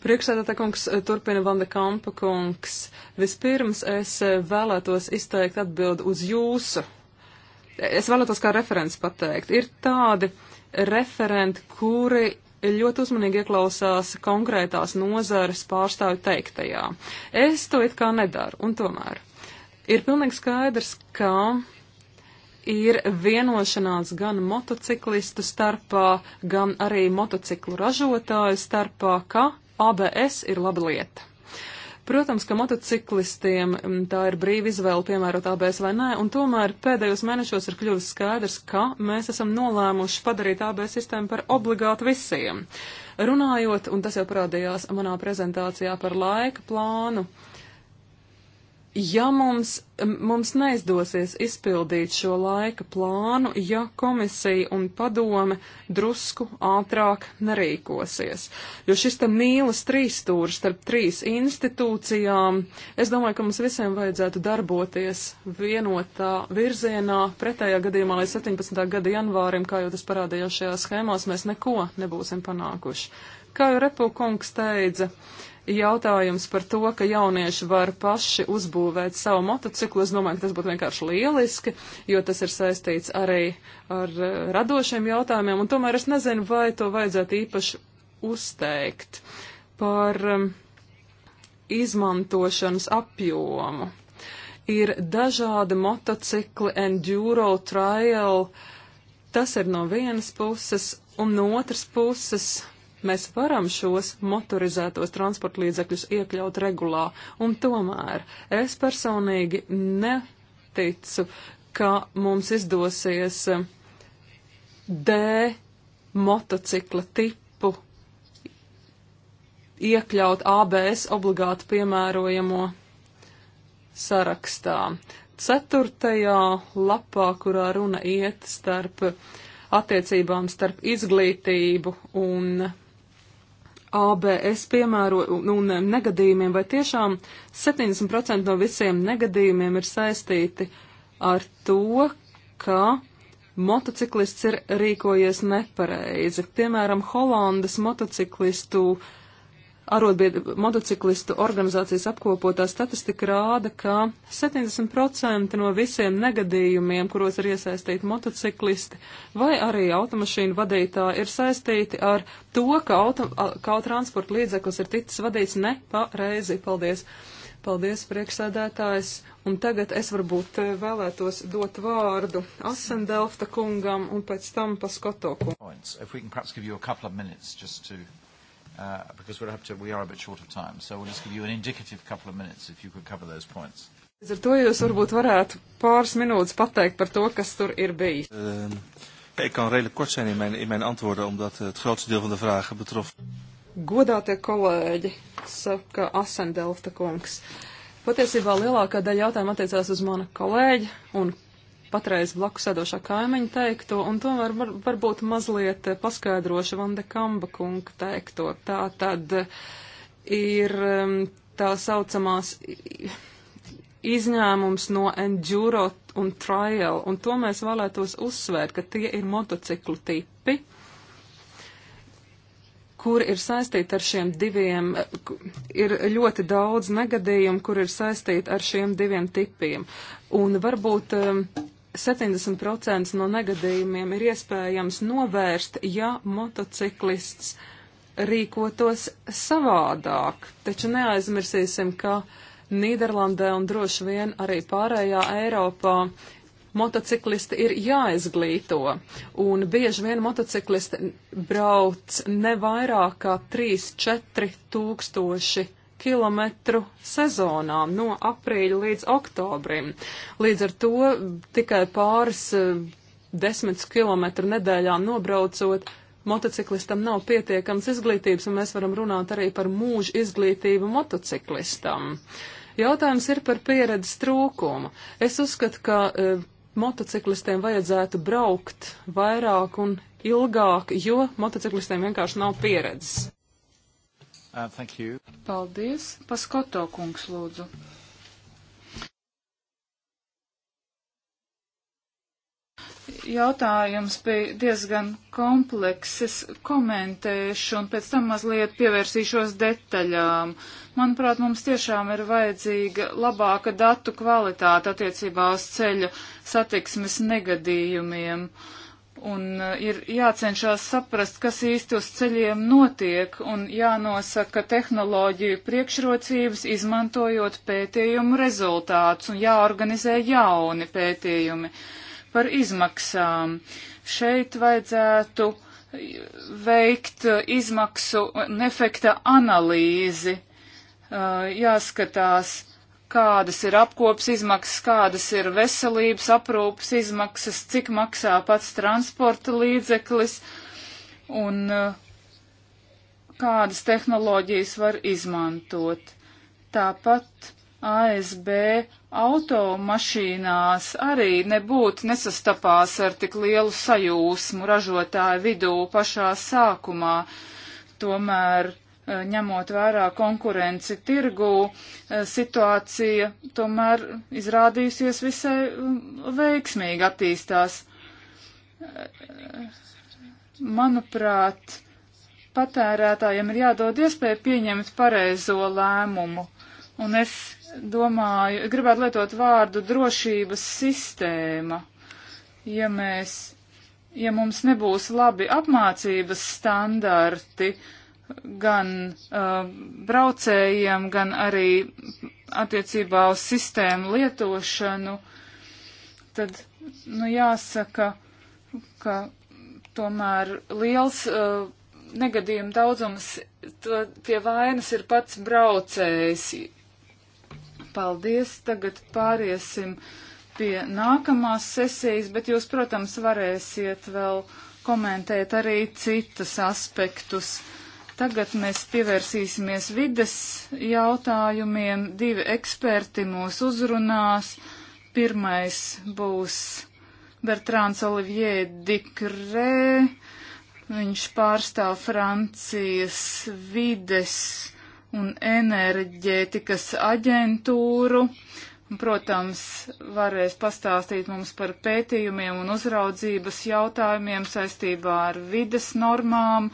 Priekšsēdētā kungs eh, turpina Vanda Kampa kungs. Vispirms es eh, vēlētos izteikt atbildi uz jūsu. Es vēlētos kā referents pateikt. Ir tādi referenti, kuri ļoti uzmanīgi ieklausās konkrētās nozares pārstāvju teiktajā. Es to it kā nedaru, un tomēr ir pilnīgi skaidrs, ka ir vienošanās gan motociklistu starpā, gan arī motociklu ražotāju starpā, ka ABS ir laba lieta. Protams, ka motociklistiem mm, tā ir brīva izvēle piemērot ABS vai nē, un tomēr pēdējos mēnešos ir kļuvis skaidrs, ka mēs esam nolēmuši padarīt ABS sistēmu par obligātu visiem. Runājot, un tas jau parādījās manā prezentācijā par laika plānu, uh, Ja mums, mums neizdosies izpildīt šo laika plānu, ja komisija un padome drusku ātrāk nerīkosies, jo šis te mīlas trīsstūrs starp trīs institūcijām, es domāju, ka mums visiem vajadzētu darboties vienotā virzienā, pretējā gadījumā līdz 17. gada janvārim, kā jau tas parādījās šajā schēmās, mēs neko nebūsim panākuši. Kā jau Repu kungs teica, uh, jautājums par to, ka jaunieši var paši uzbūvēt savu motociklu. Es domāju, ka tas būtu vienkārši lieliski, jo tas ir saistīts arī ar eh, radošiem jautājumiem, un tomēr es nezinu, vai to vajadzētu īpaši uzteikt par um, izmantošanas apjomu. Ir dažādi motocikli, enduro, trial, tas ir no vienas puses, un no otras puses Mēs varam šos motorizētos transporta līdzekļus iekļaut regulā, un tomēr es personīgi neticu, ka mums izdosies eh, D motocikla tipu iekļaut ABS obligāti piemērojamo sarakstā. Ceturtajā lapā, kurā runa iet starp attiecībām starp izglītību un ABS piemēro un um, negadījumiem, vai tiešām 70% no visiem negadījumiem ir saistīti ar to, ka motociklists ir rīkojies nepareizi. Piemēram, Holandas motociklistu uh, arotbiedru motociklistu organizācijas apkopotā statistika rāda, ka 70% no visiem negadījumiem, kuros ir iesaistīti motociklisti vai arī automašīnu vadītāji, ir saistīti ar to, ka, auto, ka transporta līdzeklis ir ticis vadīts nepareizi. Paldies! Paldies, priekšsēdētājs! Un tagad es varbūt eh, vēlētos dot vārdu Asendelfta kungam un pēc tam Paskoto kungam uh, because we'll have to, we are a bit short of time. So we'll just give you an indicative couple of minutes if you could cover those points. Ar to jūs varbūt varētu pāris minūtes pateikt par to, kas tur ir bijis. Uh, ik kan redelijk kort zijn in mijn, in mijn antwoorden, omdat het grootste deel van de vragen betrof. Godātie kolēģi, saka Asendelfta kungs. Patiesībā lielākā daļa jautājumu attiecās uz mana kolēģi un patreiz blakus sēdošā kaimiņa teikto, un tomēr var, varbūt mazliet paskaidrošu Vanda Kamba kunga teikto. Tā tad ir um, tā saucamās izņēmums no enduro un trial, un to mēs vēlētos uzsvērt, ka tie ir motociklu tipi, kur ir saistīti ar šiem diviem, ir ļoti daudz negadījumu, kur ir saistīti ar šiem diviem tipiem. Un varbūt um, 70% no negadījumiem ir iespējams novērst, ja motociklists rīkotos savādāk. Taču neaizmirsīsim, ka Nīderlandē un droši vien arī pārējā Eiropā motociklisti ir jāizglīto, un bieži vien motociklisti brauc ne vairāk kā 3-4 tūkstoši kilometru sezonā no aprīļa līdz oktobrim. Līdz ar to tikai pāris e, desmit kilometru nedēļā nobraucot, motociklistam nav pietiekams izglītības, un mēs varam runāt arī par mūža izglītību motociklistam. Jautājums ir par pieredzes trūkumu. Es uzskatu, ka e, motociklistiem vajadzētu braukt vairāk un ilgāk, jo motociklistiem vienkārši nav pieredzes. Uh, thank you. Paldies. Paskoto kungs lūdzu. Jautājums bija diezgan komplekses, komentēšu un pēc tam mazliet pievērsīšos detaļām. Manuprāt, mums tiešām ir vajadzīga labāka datu kvalitāte attiecībā uz ceļu satiksmes negadījumiem. Uh, Un eh, ir jācenšas saprast, kas īsti uz ceļiem notiek, un jānosaka tehnoloģiju priekšrocības, izmantojot pētījumu rezultātus, un jāorganizē jauni pētījumi par izmaksām. Šeit vajadzētu eh, veikt eh, izmaksu un efekta analīzi, jāskatās kādas ir apkops izmaksas, kādas ir veselības aprūpas izmaksas, cik maksā pats transporta līdzeklis un eh, kādas tehnoloģijas var izmantot. Tāpat ASB automašīnās arī nebūtu nesastapās ar tik lielu sajūsmu ražotāju vidū pašā sākumā. Tomēr uh, Eh, ņemot vērā konkurenci tirgū, eh, situācija tomēr izrādījusies visai mm, veiksmīgi attīstās. Eh, manuprāt, patērētājiem ir jādod iespēja pieņemt pareizo lēmumu. Un es domāju, gribētu lietot vārdu drošības sistēma. Ja mēs, ja mums nebūs labi apmācības standarti, uh, gan uh, braucējiem, gan arī attiecībā uz sistēmu lietošanu, tad, nu, jāsaka, ka tomēr liels uh, negadījuma daudzums to, pie vainas ir pats braucējs. Paldies, tagad pāriesim pie nākamās sesijas, bet jūs, protams, varēsiet vēl komentēt arī citus aspektus. Tagad mēs pievērsīsimies vides jautājumiem. Divi eksperti mūs uzrunās. Pirmais būs Bertrāns Olivier Dikrē. Viņš pārstāv Francijas vides un enerģētikas aģentūru. Uh, Protams, varēs pastāstīt mums par pētījumiem un uzraudzības jautājumiem saistībā ar vides normām,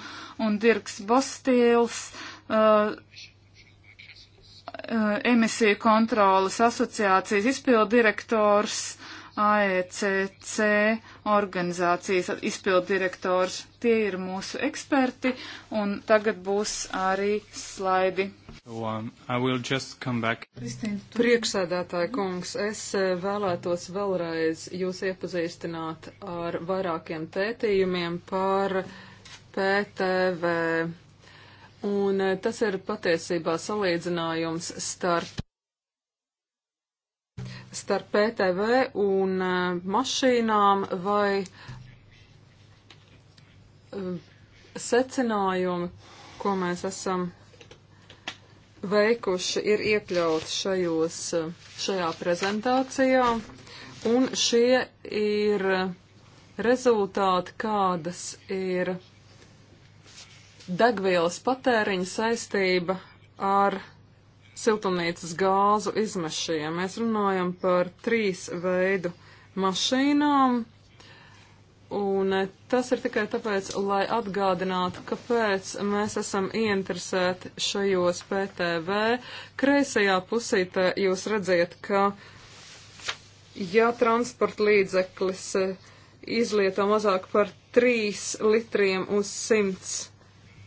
un Dirks Bostils, uh, uh emisiju kontrolas asociācijas izpildirektors, AECC organizācijas izpildirektors. Tie ir mūsu eksperti, un tagad būs arī slaidi. So, um, Priekšsēdētāja kungs, es e, vēlētos vēlreiz jūs iepazīstināt ar vairākiem pētījumiem par PTV. Un e, tas ir patiesībā salīdzinājums starp starp PTV un e, mašīnām vai e, secinājumi, ko mēs esam veikuši, ir iekļauts šajos, e, šajā prezentācijā, un šie ir rezultāti, kādas ir degvielas patēriņa saistība ar siltumnīcas gāzu izmešiem. Mēs runājam par trīs veidu mašīnām, un tas ir tikai tāpēc, lai atgādinātu, kāpēc mēs esam ieinteresēti šajos PTV. Kreisajā pusītē jūs redziet, ka ja transporta līdzeklis eh, izlieto mazāk par 3 litriem uz 100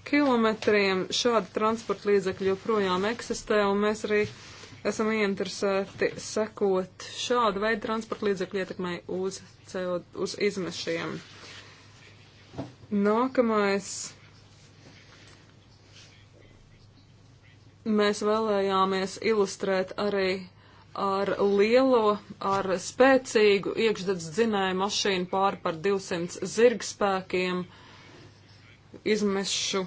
kilometriem šādi transporta līdzekļi joprojām eksistē, un mēs arī esam ieinteresēti sekot šādu veidu transporta līdzekļu ietekmei uz, CO, uz izmešiem. Nākamais. Mēs vēlējāmies ilustrēt arī ar lielo, ar spēcīgu iekšdedz dzinēju mašīnu pāri par 200 zirgspēkiem izmešu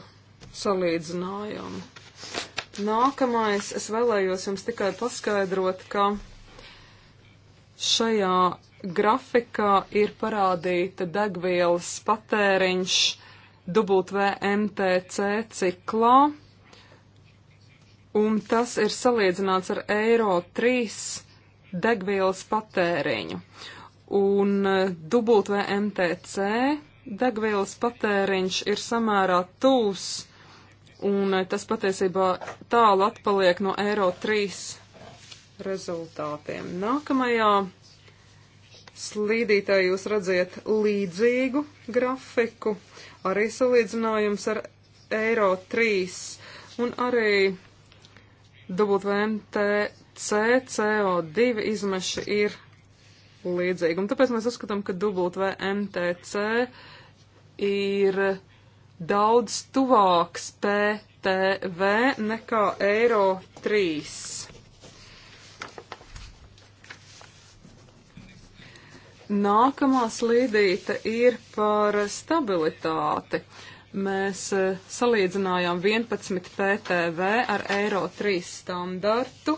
salīdzinājumu. Nākamais, es vēlējos jums tikai paskaidrot, ka šajā grafikā ir parādīta degvielas patēriņš WMTC ciklā, un tas ir salīdzināts ar Eiro 3 degvielas patēriņu. Un WMTC degvielas patēriņš ir samērā tūs un eh, tas patiesībā tālu atpaliek no Eiro 3 rezultātiem. Nākamajā slīdītā jūs redzat līdzīgu grafiku, arī salīdzinājums ar eiro 3 un arī WMTC CO2 izmeši ir līdzīgi. Un tāpēc mēs uzskatām, ka WMTC ir daudz tuvāks PTV nekā Eiro 3. Nākamā slīdīte ir par stabilitāti. Mēs eh, salīdzinājām 11 PTV ar Eiro 3 standartu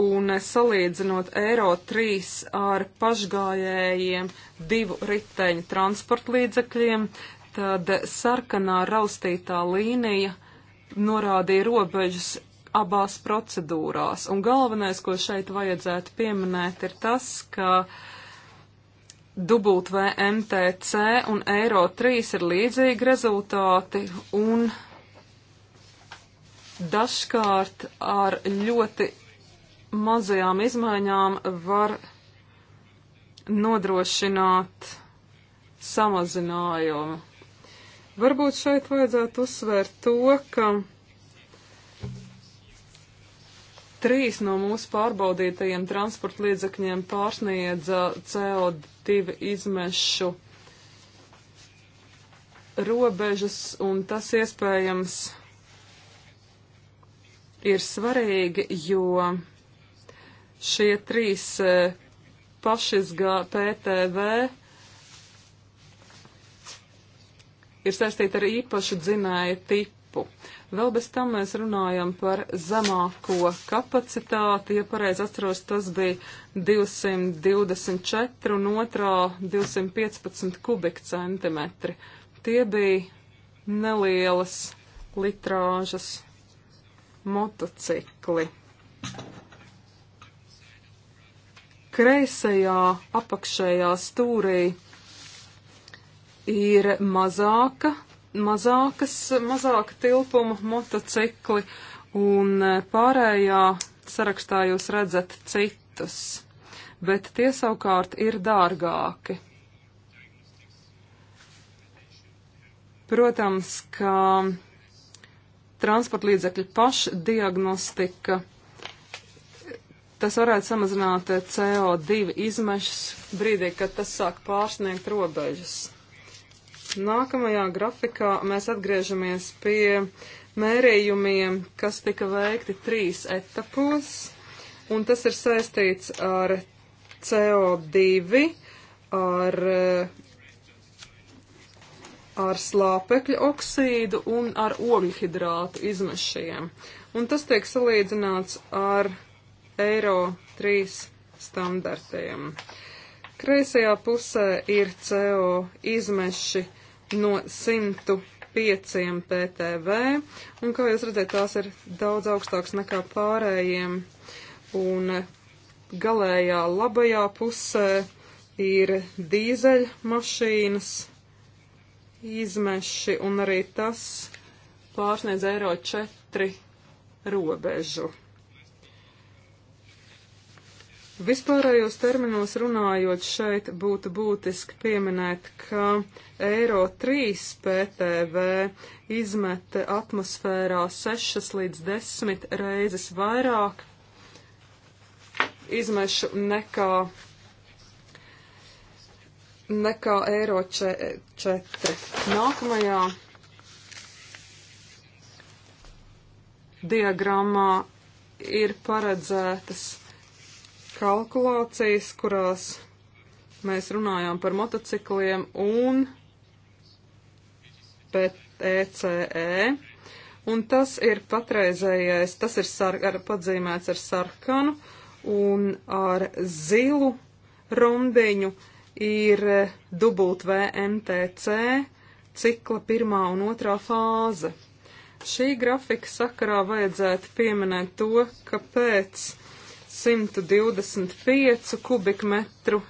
un eh, salīdzinot Eiro 3 ar pašgājējiem divu riteņu transportlīdzekļiem, tad sarkanā raustītā līnija norādīja robežas abās procedūrās. Un galvenais, ko šeit vajadzētu pieminēt, ir tas, ka WMTC un Eiro 3 ir līdzīgi rezultāti un dažkārt ar ļoti mazajām izmaiņām var nodrošināt samazinājumu. Varbūt šeit vajadzētu uzsvērt to, ka trīs no mūsu pārbaudītajiem transporta līdzekļiem pārsniedza uh, CO2 izmešu robežas, un tas iespējams ir svarīgi, jo šie trīs uh, pašizgā PTV ir saistīta ar īpašu dzinēju tipu. Vēl bez tam mēs runājam par zemāko kapacitāti, ja pareizi atceros, tas bija 224 un otrā 215 kubikcentimetri. Tie bija nelielas litrāžas motocikli. Kreisajā apakšējā stūrī ir mazāka, mazākas, mazāka tilpuma motocikli, un pārējā sarakstā jūs redzat citus, bet tie savukārt ir dārgāki. Protams, ka transporta līdzekļu pašdiagnostika, tas varētu samazināt CO2 izmešas brīdī, kad tas sāk pārsniegt robežas. Nākamajā grafikā mēs atgriežamies pie mērījumiem, kas tika veikti trīs etapos, un tas ir saistīts ar CO2, ar, ar slāpekļa oksīdu un ar ogļhidrātu izmešiem. Un tas tiek salīdzināts ar Eiro 3 standartiem. Kreisajā pusē ir CO izmeši no 105 PTV, un kā jūs redzat, tās ir daudz augstāks nekā pārējiem, un galējā labajā pusē ir dīzeļa mašīnas izmeši, un arī tas pārsniedz eiro 4 robežu. Vispārējos terminos runājot, šeit būtu būtiski pieminēt, ka Eiro 3 PTV izmete atmosfērā 6 līdz 10 reizes vairāk izmešu nekā, nekā Eiro 4. Nākamajā diagrammā ir paredzētas kalkulācijas, kurās mēs runājām par motocikliem un PTCE. E. Un tas ir patreizējais, tas ir sar, ar, padzīmēts ar sarkanu un ar zilu rondiņu ir dubult VMTC cikla pirmā un otrā fāze. Šī grafika sakarā vajadzētu pieminēt to, ka pēc 125 kubikmetru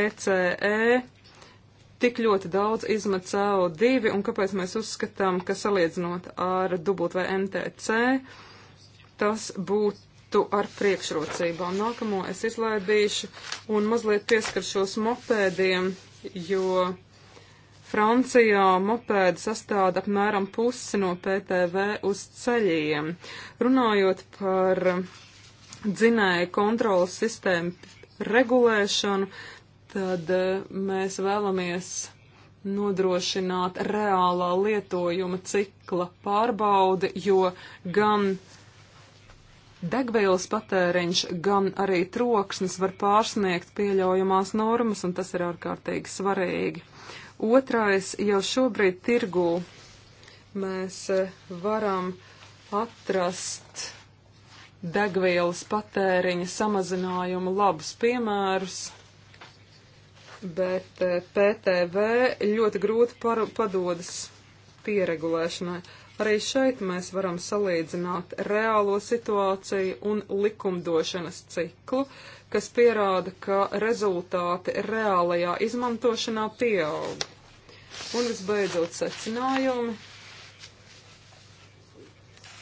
ECE e. tik ļoti daudz izmet CO2 un kāpēc mēs uzskatām, ka salīdzinot ar dubult vai NTC, tas būtu ar priekšrocībām. Nākamo es izlaidīšu un mazliet pieskaršos mopēdiem, jo Francijā mopēdi sastāda apmēram pusi no PTV uz ceļiem. Runājot par dzinēja kontrolas sistēmu regulēšanu, tad e, mēs vēlamies nodrošināt reālā lietojuma cikla pārbaudi, jo gan degvielas patēriņš, gan arī troksnis var pārsniegt pieļaujamās normas, un tas ir ārkārtīgi svarīgi. Otrais, jau šobrīd tirgū mēs e, varam atrast degvielas patēriņa samazinājumu labus piemērus, bet eh, PTV ļoti grūti par, padodas pieregulēšanai. Arī šeit mēs varam salīdzināt reālo situāciju un likumdošanas ciklu, kas pierāda, ka rezultāti reālajā izmantošanā pieaug. Un visbeidzot secinājumi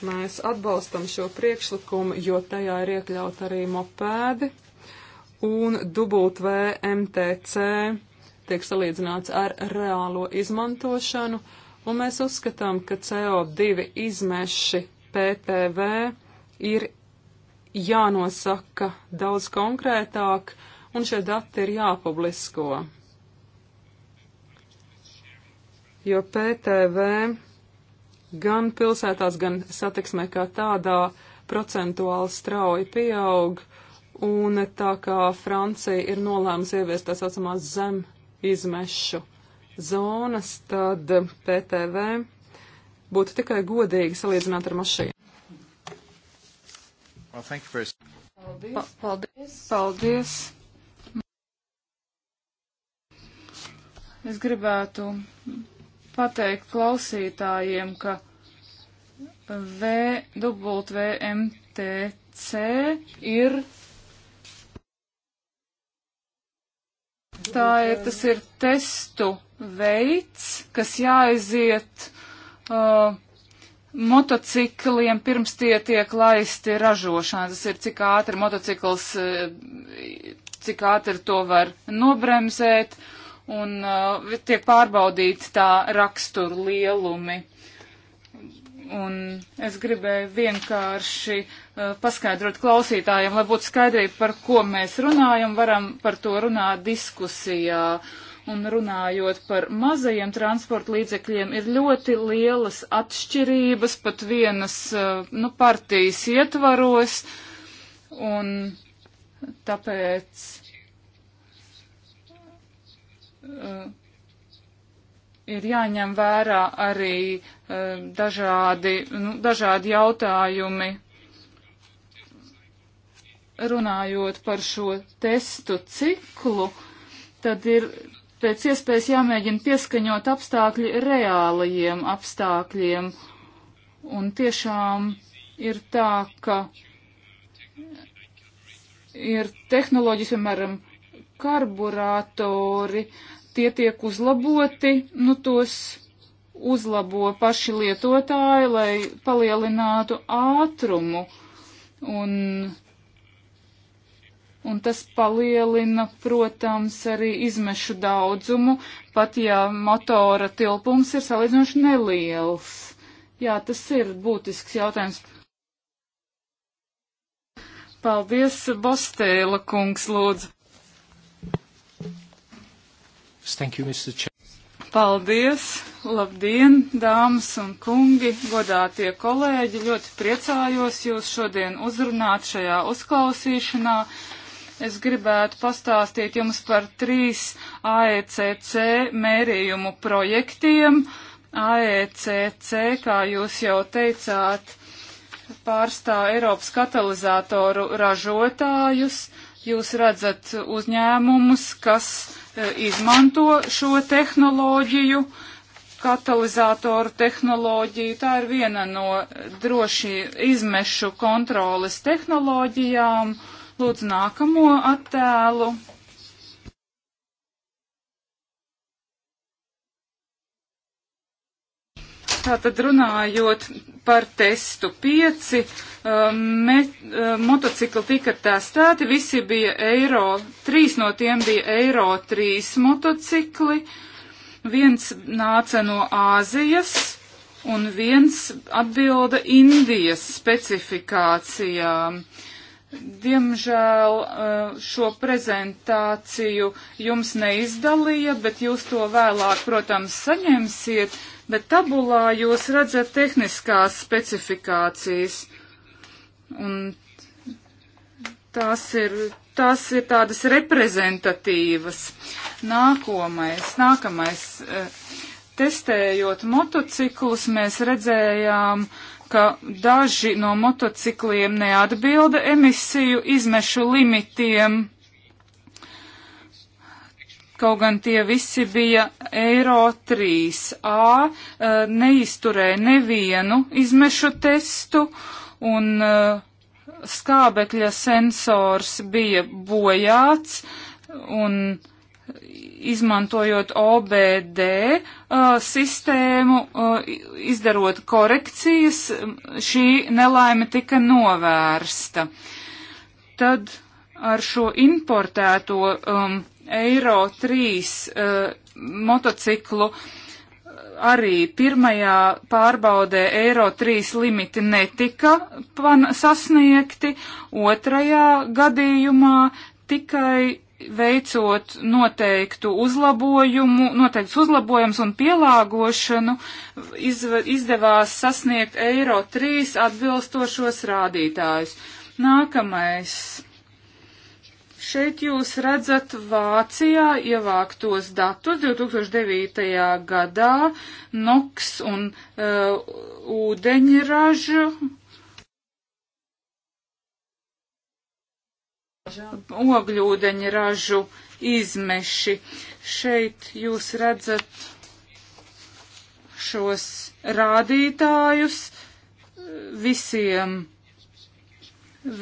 Mēs atbalstam šo priekšlikumu, jo tajā ir iekļaut arī mopēdi un WMTC tiek salīdzināts ar reālo izmantošanu, un mēs uzskatām, ka CO2 izmeši PTV ir jānosaka daudz konkrētāk, un šie dati ir jāpublisko. Jo PTV gan pilsētās, gan satiksmē kā tādā procentuāli strauji pieaug, un tā kā Francija ir nolēmusi ieviest tā saucamās zem izmešu zonas, tad PTV būtu tikai godīgi salīdzināt ar mašīnu. Well, paldies. Pa paldies. Paldies. Es gribētu pateikt klausītājiem, ka VWMTC ir. Tā ir, tas ir testu veids, kas jāaiziet uh, motocikliem pirms tie tiek laisti ražošanā. Tas ir, cik ātri motocikls, uh, cik ātri to var nobremzēt. Uh, un uh, tiek pārbaudīti tā rakstura lielumi. Un es gribēju vienkārši uh, paskaidrot klausītājiem, lai būtu skaidrība, par ko mēs runājam, varam par to runāt diskusijā. Un runājot par mazajiem transporta līdzekļiem, ir ļoti lielas atšķirības pat vienas uh, nu, partijas ietvaros. Un tāpēc Eh, ir jāņem vērā arī eh, dažādi, nu, dažādi jautājumi, runājot par šo testu ciklu, tad ir pēc iespējas jāmēģina pieskaņot apstākļi reālajiem apstākļiem. Un tiešām ir tā, ka ir tehnoloģijas, piemēram, karburātori, uh, tie tiek uzlaboti, nu tos uzlabo paši lietotāji, lai palielinātu ātrumu. Un, un tas palielina, protams, arī izmešu daudzumu, pat ja motora tilpums ir salīdzinoši neliels. Jā, tas ir būtisks jautājums. Paldies, Bostēla kungs, lūdzu. Thank you, Mr. Chair. Paldies! Labdien, dāmas un kungi, godātie kolēģi! Ļoti priecājos jūs šodien uzrunāt šajā uzklausīšanā. Es gribētu pastāstīt jums par trīs AECC mērījumu projektiem. AECC, kā jūs jau teicāt, pārstāv Eiropas katalizatoru ražotājus. Jūs redzat uzņēmumus, kas E, izmanto šo tehnoloģiju, katalizatoru tehnoloģiju. Tā ir viena no droši izmešu kontroles tehnoloģijām. Lūdzu, nākamo attēlu. Tātad runājot par testu. Pieci uh, me, uh, motocikli tika testēti, visi bija eiro, trīs no tiem bija eiro trīs motocikli, viens nāca no Āzijas un viens atbilda Indijas specifikācijām. Diemžēl uh, šo prezentāciju jums neizdalīja, bet jūs to vēlāk, protams, saņemsiet bet tabulā jūs redzat tehniskās specifikācijas. Un tās ir, tās ir tādas reprezentatīvas. Nākamais, nākamais. Eh, testējot motociklus, mēs redzējām, ka daži no motocikliem neatbilda emisiju izmešu limitiem kaut gan tie visi bija Eiro 3A, eh, neizturēja nevienu izmešu testu un eh, skābekļa sensors bija bojāts un izmantojot OBD uh, eh, sistēmu, uh, izdarot korekcijas, šī nelaime tika novērsta. Tad ar šo importēto um, Eiro 3 uh, eh, motociklu eh, arī pirmajā pārbaudē Eiro 3 limiti netika pan, sasniegti, otrajā gadījumā tikai veicot noteiktu uzlabojumu, noteikts uzlabojums un pielāgošanu, izv, izdevās sasniegt Eiro 3 atbilstošos rādītājus. Nākamais Šeit jūs redzat Vācijā ievāktos datus 2009. gadā NOX un uh, ūdeņraža. Ogļūdeņa ražu izmeši. Šeit jūs redzat šos rādītājus uh, visiem,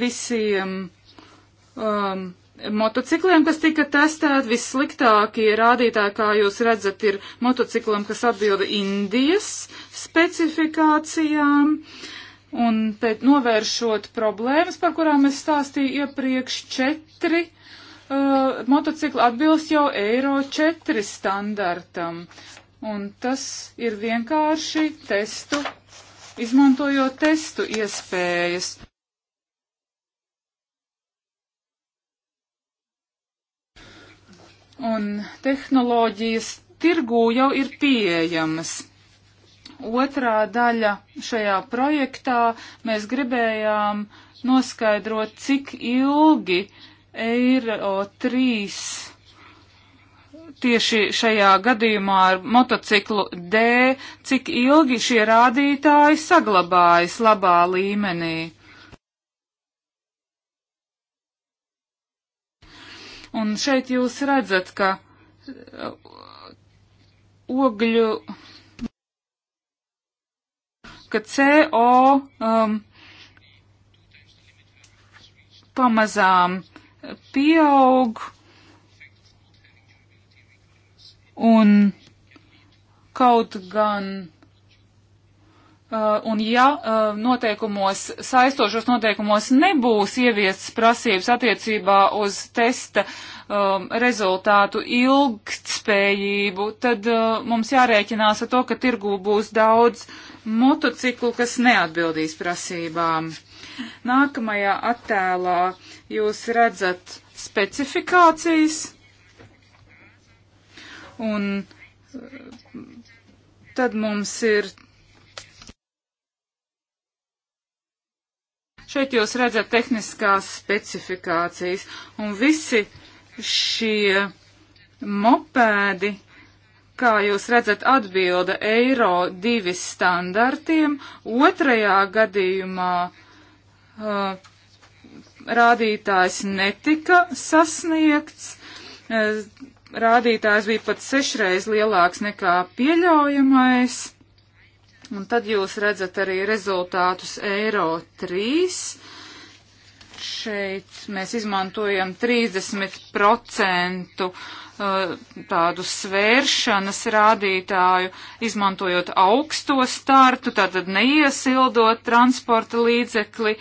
visiem um, motocikliem, kas tika testēti, vissliktākie rādītāji, kā jūs redzat, ir motocikliem, kas atbilda Indijas specifikācijām. Un pēc novēršot problēmas, par kurām es stāstīju iepriekš, četri uh, motocikli atbilst jau Eiro 4 standartam. Un tas ir vienkārši testu, izmantojot testu iespējas. un tehnoloģijas tirgū jau ir pieejamas. Otrā daļa šajā projektā mēs gribējām noskaidrot, cik ilgi eiro 3 tieši šajā gadījumā ar motociklu D, cik ilgi šie rādītāji saglabājas labā līmenī. Un šeit jūs redzat, ka uh, ogļu, ka CO um, pamazām pieaug un kaut gan Uh, un ja uh, noteikumos, saistošos noteikumos nebūs ieviests prasības attiecībā uz testa um, rezultātu ilgtspējību, tad uh, mums jārēķinās ar to, ka tirgū būs daudz motociklu, kas neatbildīs prasībām. Nākamajā attēlā jūs redzat specifikācijas un uh, tad mums ir Šeit jūs redzat tehniskās specifikācijas, un visi šie mopēdi, kā jūs redzat, atbilda Eiro 2 standartiem, otrajā gadījumā uh, rādītājs netika sasniegts, uh, rādītājs bija pat sešreiz lielāks nekā pieļaujamais. Un tad jūs redzat arī rezultātus Eiro 3. Šeit mēs izmantojam 30% eh, tādu svēršanas rādītāju, izmantojot augsto startu, tātad neiesildot transporta līdzekli,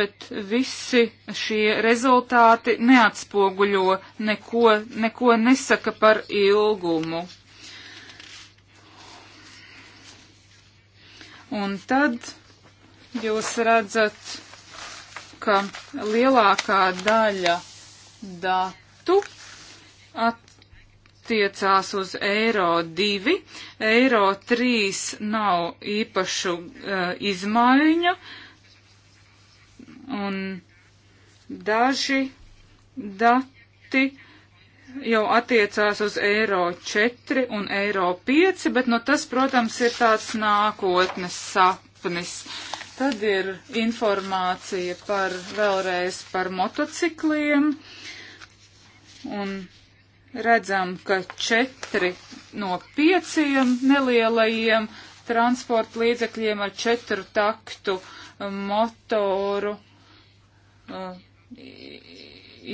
bet visi šie rezultāti neatspoguļo neko, neko nesaka par ilgumu. Un tad jūs redzat, ka lielākā daļa datu attiecās uz eiro 2, eiro 3 nav īpašu uh, izmaiņu, un daži dati jau attiecās uz eiro 4 un eiro 5, bet nu, tas, protams, ir tāds nākotnes sapnis. Tad ir informācija par vēlreiz par motocikliem un redzam, ka 4 no 5 nelielajiem transporta līdzekļiem ar 4 taktu um, motoru uh,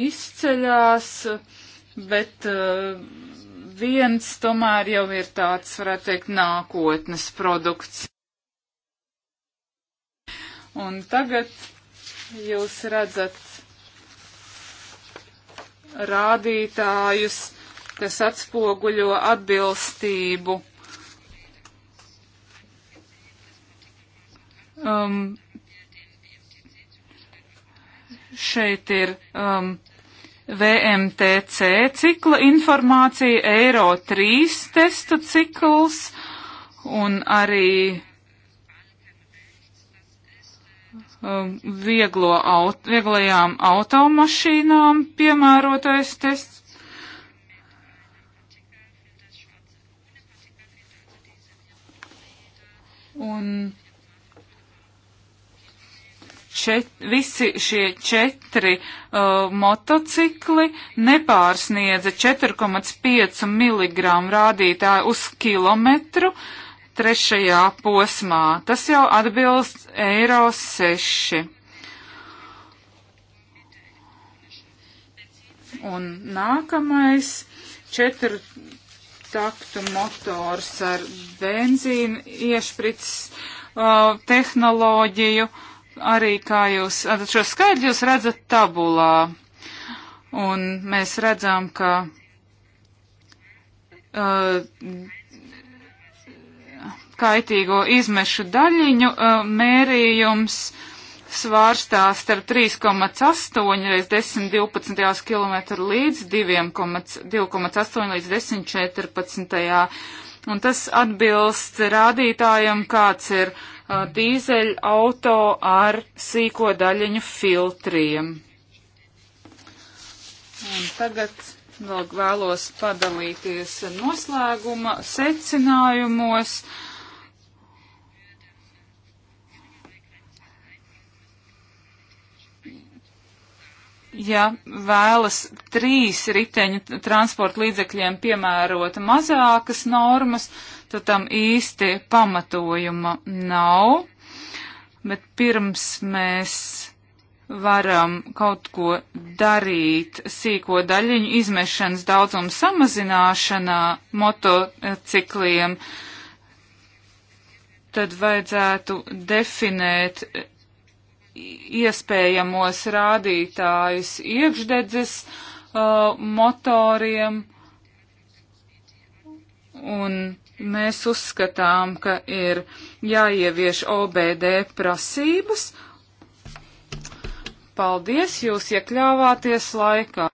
izceļās. Uh, bet uh, viens tomēr jau ir tāds, varētu teikt, nākotnes produkts. Un tagad jūs redzat rādītājus, kas atspoguļo atbilstību. Um, šeit ir um, VMTC cikla informācija, Eiro 3 testu cikls un arī um, vieglo aut vieglajām automašīnām piemērotais tests. Un čet, visi šie četri uh, motocikli nepārsniedza 4,5 mg rādītāju uz kilometru trešajā posmā. Tas jau atbilst eiro 6. Un nākamais četru taktu motors ar benzīnu iešprits uh, tehnoloģiju. Uh, arī, kā jūs, šo skaidru jūs redzat tabulā. Un mēs redzam, ka uh, kaitīgo izmešu daļiņu uh, mērījums svārstās starp 3,8 reiz 10, 12 km līdz 2,8 līdz 10, 14. Un tas atbilst rādītājam, kāds ir uh, dīzeļauto ar sīko daļiņu filtriem. Un tagad vēl vēlos padalīties noslēguma secinājumos. ja vēlas trīs riteņu transporta līdzekļiem piemērota mazākas normas, tad tam īsti pamatojuma nav. Bet pirms mēs varam kaut ko darīt sīko daļiņu izmešanas daudzumu samazināšanā motocikliem, tad vajadzētu definēt iespējamos rādītājus iekšdedzes uh, motoriem un Mēs uzskatām, ka ir jāievieš OBD prasības. Paldies, jūs iekļāvāties laikā.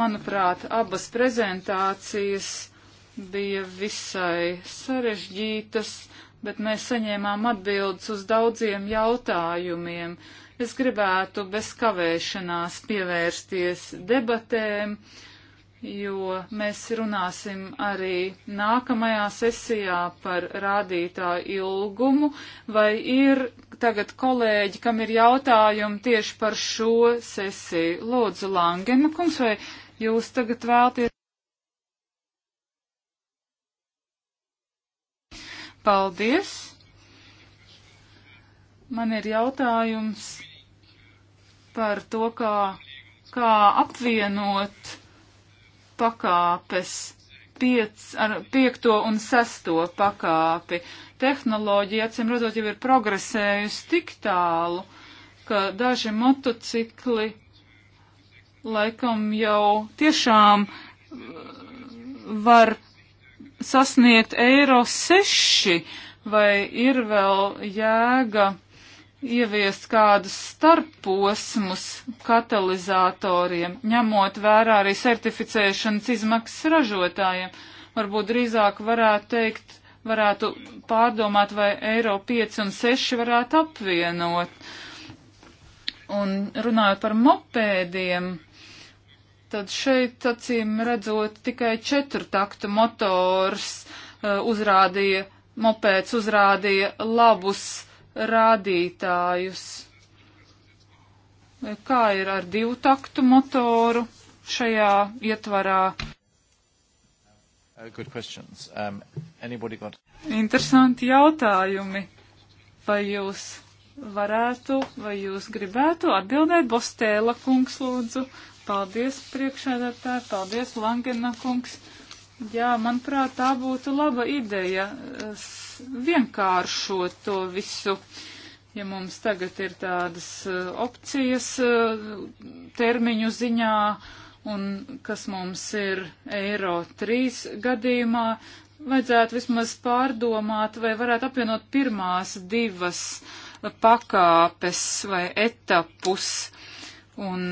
Manuprāt, abas prezentācijas bija visai sarežģītas, bet mēs saņēmām atbildes uz daudziem jautājumiem. Es gribētu bez kavēšanās pievērsties debatēm jo mēs runāsim arī nākamajā sesijā par rādītāju ilgumu, vai ir tagad kolēģi, kam ir jautājumi tieši par šo sesiju. Lūdzu, Langena kungs, vai jūs tagad vēlties? Paldies! Man ir jautājums par to, kā, kā apvienot pakāpes, piec, ar, piekto un sesto pakāpi. Tehnoloģija, acīm redzot, jau ir progresējusi tik tālu, ka daži motocikli laikam jau tiešām uh, var sasniegt eiro seši, vai ir vēl jēga ieviest kādus starposmus katalizatoriem, ņemot vērā arī certificēšanas izmaksas ražotājiem. Varbūt drīzāk varētu teikt, varētu pārdomāt, vai eiro 5 un 6 varētu apvienot. Un runājot par mopēdiem, tad šeit, acīm redzot, tikai četrtaktu motors uh, uzrādīja, mopēds uzrādīja labus rādītājus. Kā ir ar divtaktu motoru šajā ietvarā? Uh, um, got... Interesanti jautājumi. Vai jūs varētu, vai jūs gribētu atbildēt? Bostēla kungs, lūdzu. Paldies, priekšēdētāji. Paldies, Langena kungs. Jā, manuprāt, tā būtu laba ideja eh, vienkāršot to visu. Ja mums tagad ir tādas eh, opcijas eh, termiņu ziņā, un kas mums ir eiro 3 gadījumā, vajadzētu vismaz pārdomāt, vai varētu apvienot pirmās divas pakāpes vai etapus. Un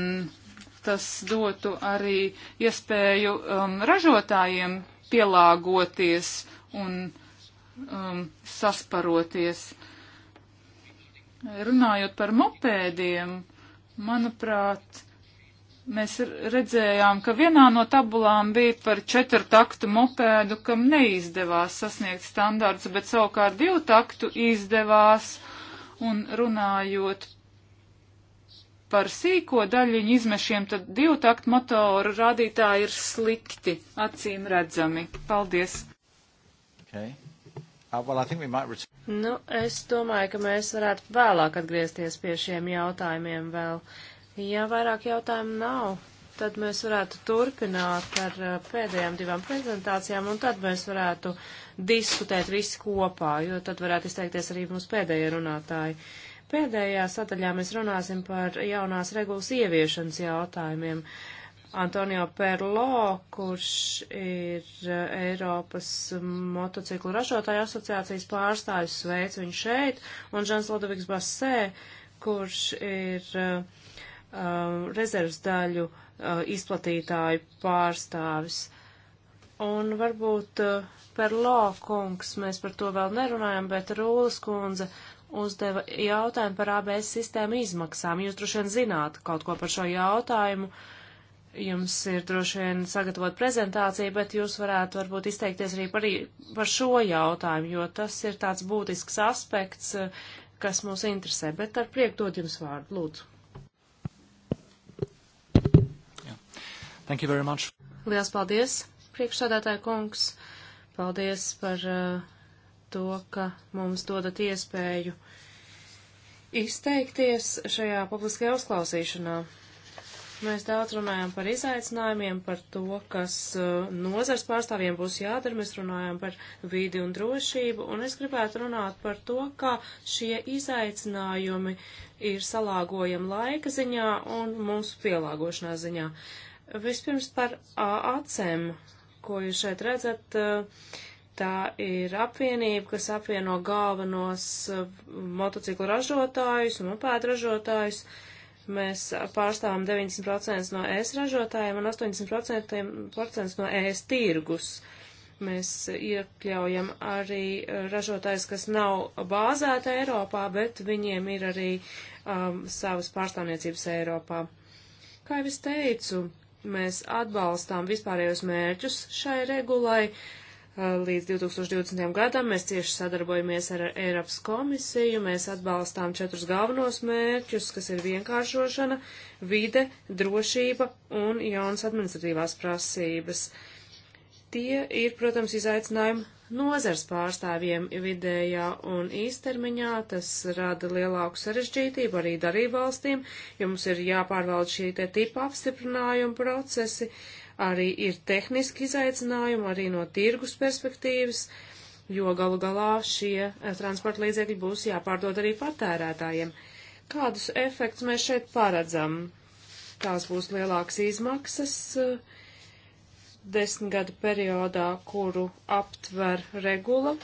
tas dotu arī iespēju um, ražotājiem pielāgoties un um, sasparoties. Runājot par mopēdiem, manuprāt, mēs redzējām, ka vienā no tabulām bija par četrtaktu mopēdu, kam neizdevās sasniegt standārts, bet savukārt divtaktu izdevās. Un runājot par sīko daļiņu izmešiem, tad divtakt motoru rādītāji ir slikti, acīm redzami. Paldies! Okay. Uh, well, we might... Nu, es domāju, ka mēs varētu vēlāk atgriezties pie šiem jautājumiem vēl. Ja vairāk jautājumu nav, tad mēs varētu turpināt ar uh, pēdējām divām prezentācijām, un tad mēs varētu diskutēt visi kopā, jo tad varētu izteikties arī mūsu pēdējie runātāji. Uh, Pēdējā sadaļā mēs runāsim par jaunās regulas ieviešanas jautājumiem. Antonio Perlo, kurš ir eh, Eiropas motociklu ražotāju asociācijas pārstāvis, sveic viņu šeit, un Žans Lodoviks Basē, kurš ir uh, eh, eh, rezerves daļu uh, izplatītāju pārstāvis. Un varbūt uh, par Lo kungs mēs par to vēl nerunājam, bet Rūlas kundze uh, uzdeva jautājumu par ABS sistēmu izmaksām. Jūs droši vien zināt kaut ko par šo jautājumu. Jums ir droši vien sagatavot prezentāciju, bet jūs varētu varbūt izteikties arī par, par šo jautājumu, jo tas ir tāds būtisks aspekts, kas mūs interesē. Bet ar prieku dod jums vārdu, lūdzu. Yeah. Thank you very much. Lielas paldies, priekšsādātāja kungs. Paldies par uh, to, ka mums dodat iespēju izteikties šajā publiskajā uzklausīšanā. Mēs daudz runājām par izaicinājumiem, par to, kas uh, nozars pārstāvjiem būs jādara. Mēs runājām par vīdi un drošību, un es gribētu runāt par to, kā šie izaicinājumi ir salāgojami laika ziņā un mūsu pielāgošanās ziņā. Vispirms par uh, acēm, ko jūs šeit redzat. Uh, Tā ir apvienība, kas apvieno galvenos eh, motociklu ražotājus un upētu ražotājus. Mēs pārstāvam 90% no ES ražotājiem un 80% no ES tirgus. Mēs iekļaujam arī eh, ražotājus, kas nav bāzēti Eiropā, bet viņiem ir arī um, savas pārstāvniecības Eiropā. Kā jau es teicu, mēs atbalstām vispārējos mērķus šai regulai. Uh, Līdz 2020. gadam mēs cieši sadarbojamies ar Eiropas komisiju, mēs atbalstām četrus galvenos mērķus, kas ir vienkāršošana, vide, drošība un jaunas administratīvās prasības. Tie ir, protams, izaicinājumi nozars pārstāvjiem vidējā un īstermiņā, tas rada lielāku sarežģītību arī darībvalstīm, jo mums ir jāpārvalda šī te tipa apstiprinājuma procesi, uh, arī ir tehniski izaicinājumi, arī no tirgus perspektīvas, jo galu galā šie eh, transporta līdzekļi būs jāpārdod arī patērētājiem. Kādus efektus mēs šeit paredzam? Tās būs lielākas izmaksas eh, desmitgada periodā, kuru aptver regula,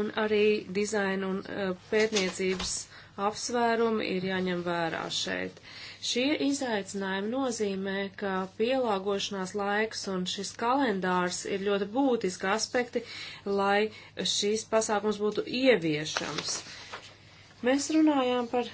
un arī dizaina un eh, pētniecības apsvērumi ir jāņem vērā šeit. Uh, Šie izaicinājumi nozīmē, ka pielāgošanās laiks un šis kalendārs ir ļoti būtiski aspekti, lai šīs pasākums būtu ieviešams. Mēs runājām par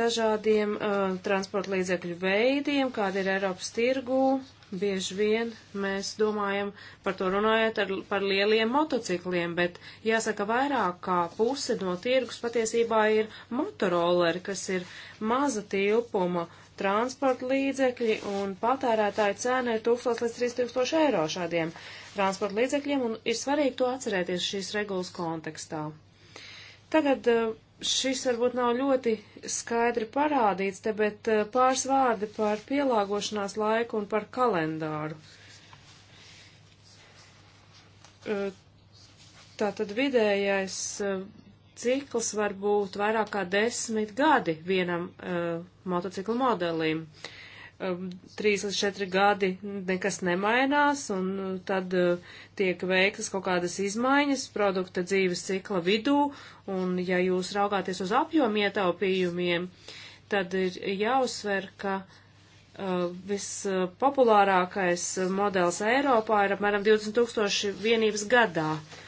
dažādiem uh, transporta līdzekļu veidiem, kāda ir Eiropas tirgū. Bieži vien mēs domājam par to runājot ar, par lieliem motocikliem, bet jāsaka vairāk kā puse no tirgus patiesībā ir motorolleri, kas ir maza tilpuma transporta līdzekļi un patērētāja cena ir 1000 līdz 3000 eiro šādiem transporta līdzekļiem un ir svarīgi to atcerēties šīs regulas kontekstā. Tagad eh, šis varbūt nav ļoti skaidri parādīts te, bet eh, pāris vārdi par pielāgošanās laiku un par kalendāru. Eh, tātad vidējais cikls var būt vairāk kā desmit gadi vienam uh, eh, motociklu modelim. Um, trīs līdz četri gadi nekas nemainās, un uh, tad uh, tiek veiktas kaut kādas izmaiņas produkta dzīves cikla vidū, un ja jūs raugāties uz apjomu ietaupījumiem, tad ir jāuzsver, ka Uh, vispopulārākais modelis Eiropā ir apmēram 20 tūkstoši vienības gadā. Uh,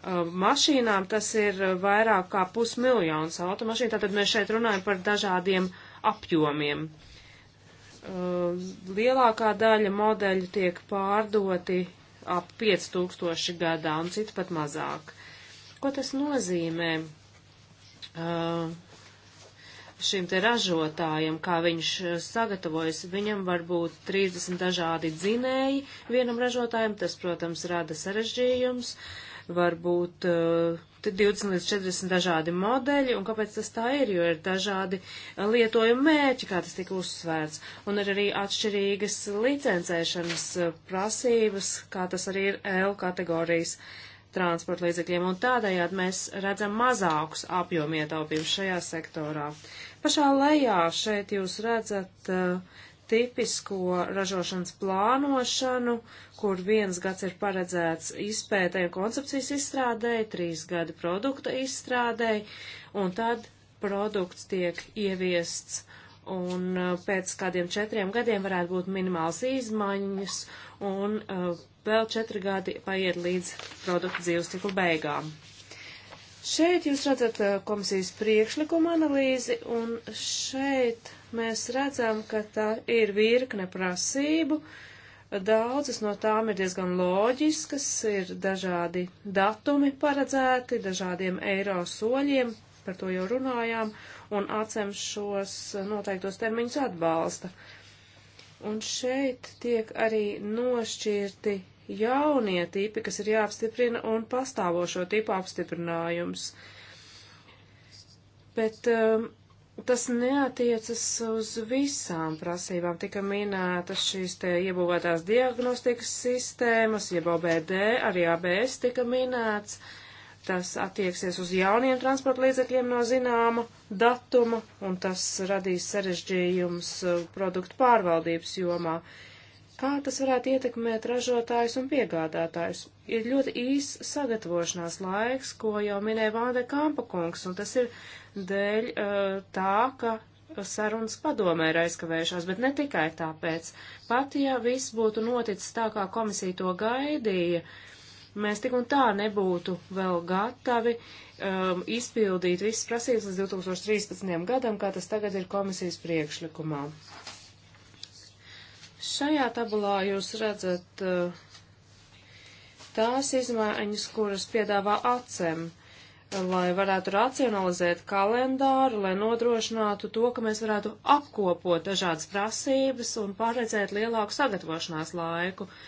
Uh, mašīnām, tas ir uh, vairāk kā pusmiljons automašīnu, tātad mēs šeit runājam par dažādiem apjomiem. Uh, lielākā daļa modeļu tiek pārdoti ap 5000 gadā un citi pat mazāk. Ko tas nozīmē šim te ražotājam, kā viņš sagatavojas? Viņam var būt 30 dažādi dzinēji vienam ražotājam, tas, protams, rada sarežģījums. Uh, var būt uh, 20 līdz 40 dažādi modeļi, un kāpēc tas tā ir, jo ir dažādi eh, lietojuma mērķi, kā tas tika uzsvērts, un ir arī atšķirīgas licencēšanas eh, prasības, kā tas arī ir L kategorijas transporta līdzekļiem, un tādējādi mēs redzam mazākus apjomu ietaupījumus šajā sektorā. Pašā lejā šeit jūs redzat uh, tipisko ražošanas plānošanu, kur viens gads ir paredzēts izpētēju koncepcijas izstrādēji, trīs gadi produkta izstrādēji, un tad produkts tiek ieviests, un uh, pēc kādiem četriem gadiem varētu būt minimāls izmaiņas, un uh, vēl četri gadi paiet līdz produkta dzīves ciklu beigām. Šeit jūs redzat eh, komisijas priekšlikuma analīzi, un šeit mēs redzam, ka tā ir virkne prasību. Daudzas no tām ir diezgan loģiskas, ir dažādi datumi paredzēti, dažādiem eiro soļiem, par to jau runājām, un atsemšos noteiktos termiņus atbalsta. Un šeit tiek arī nošķirti jaunie tipi, kas ir jāapstiprina, un pastāvošo tipu apstiprinājums. Bet um, tas neatiecas uz visām prasībām. Tika minētas šīs te iebūvētās diagnostikas sistēmas, jeb OBD, arī ABS tika minēts. Tas attieksies uz jauniem transporta līdzekļiem no zināma datuma, un tas radīs sarežģījums uh, produktu pārvaldības jomā. Uh, Kā tas varētu ietekmēt ražotājus un piegādātājus? Ir ļoti īs sagatavošanās laiks, ko jau minēja Vānde Kampakungs, un tas ir dēļ eh, tā, ka sarunas padomē ir aizkavējušās, bet ne tikai tāpēc. Pat ja viss būtu noticis tā, kā komisija to gaidīja, mēs tik un tā nebūtu vēl gatavi um, izpildīt visas prasības līdz 2013. gadam, kā tas tagad ir komisijas priekšlikumā. Šajā tabulā jūs redzat uh, tās izmaiņas, kuras piedāvā ACEM, lai varētu racionalizēt kalendāru, lai nodrošinātu to, ka mēs varētu apkopot dažādas prasības un paredzēt lielāku sagatavošanās laiku. Uh,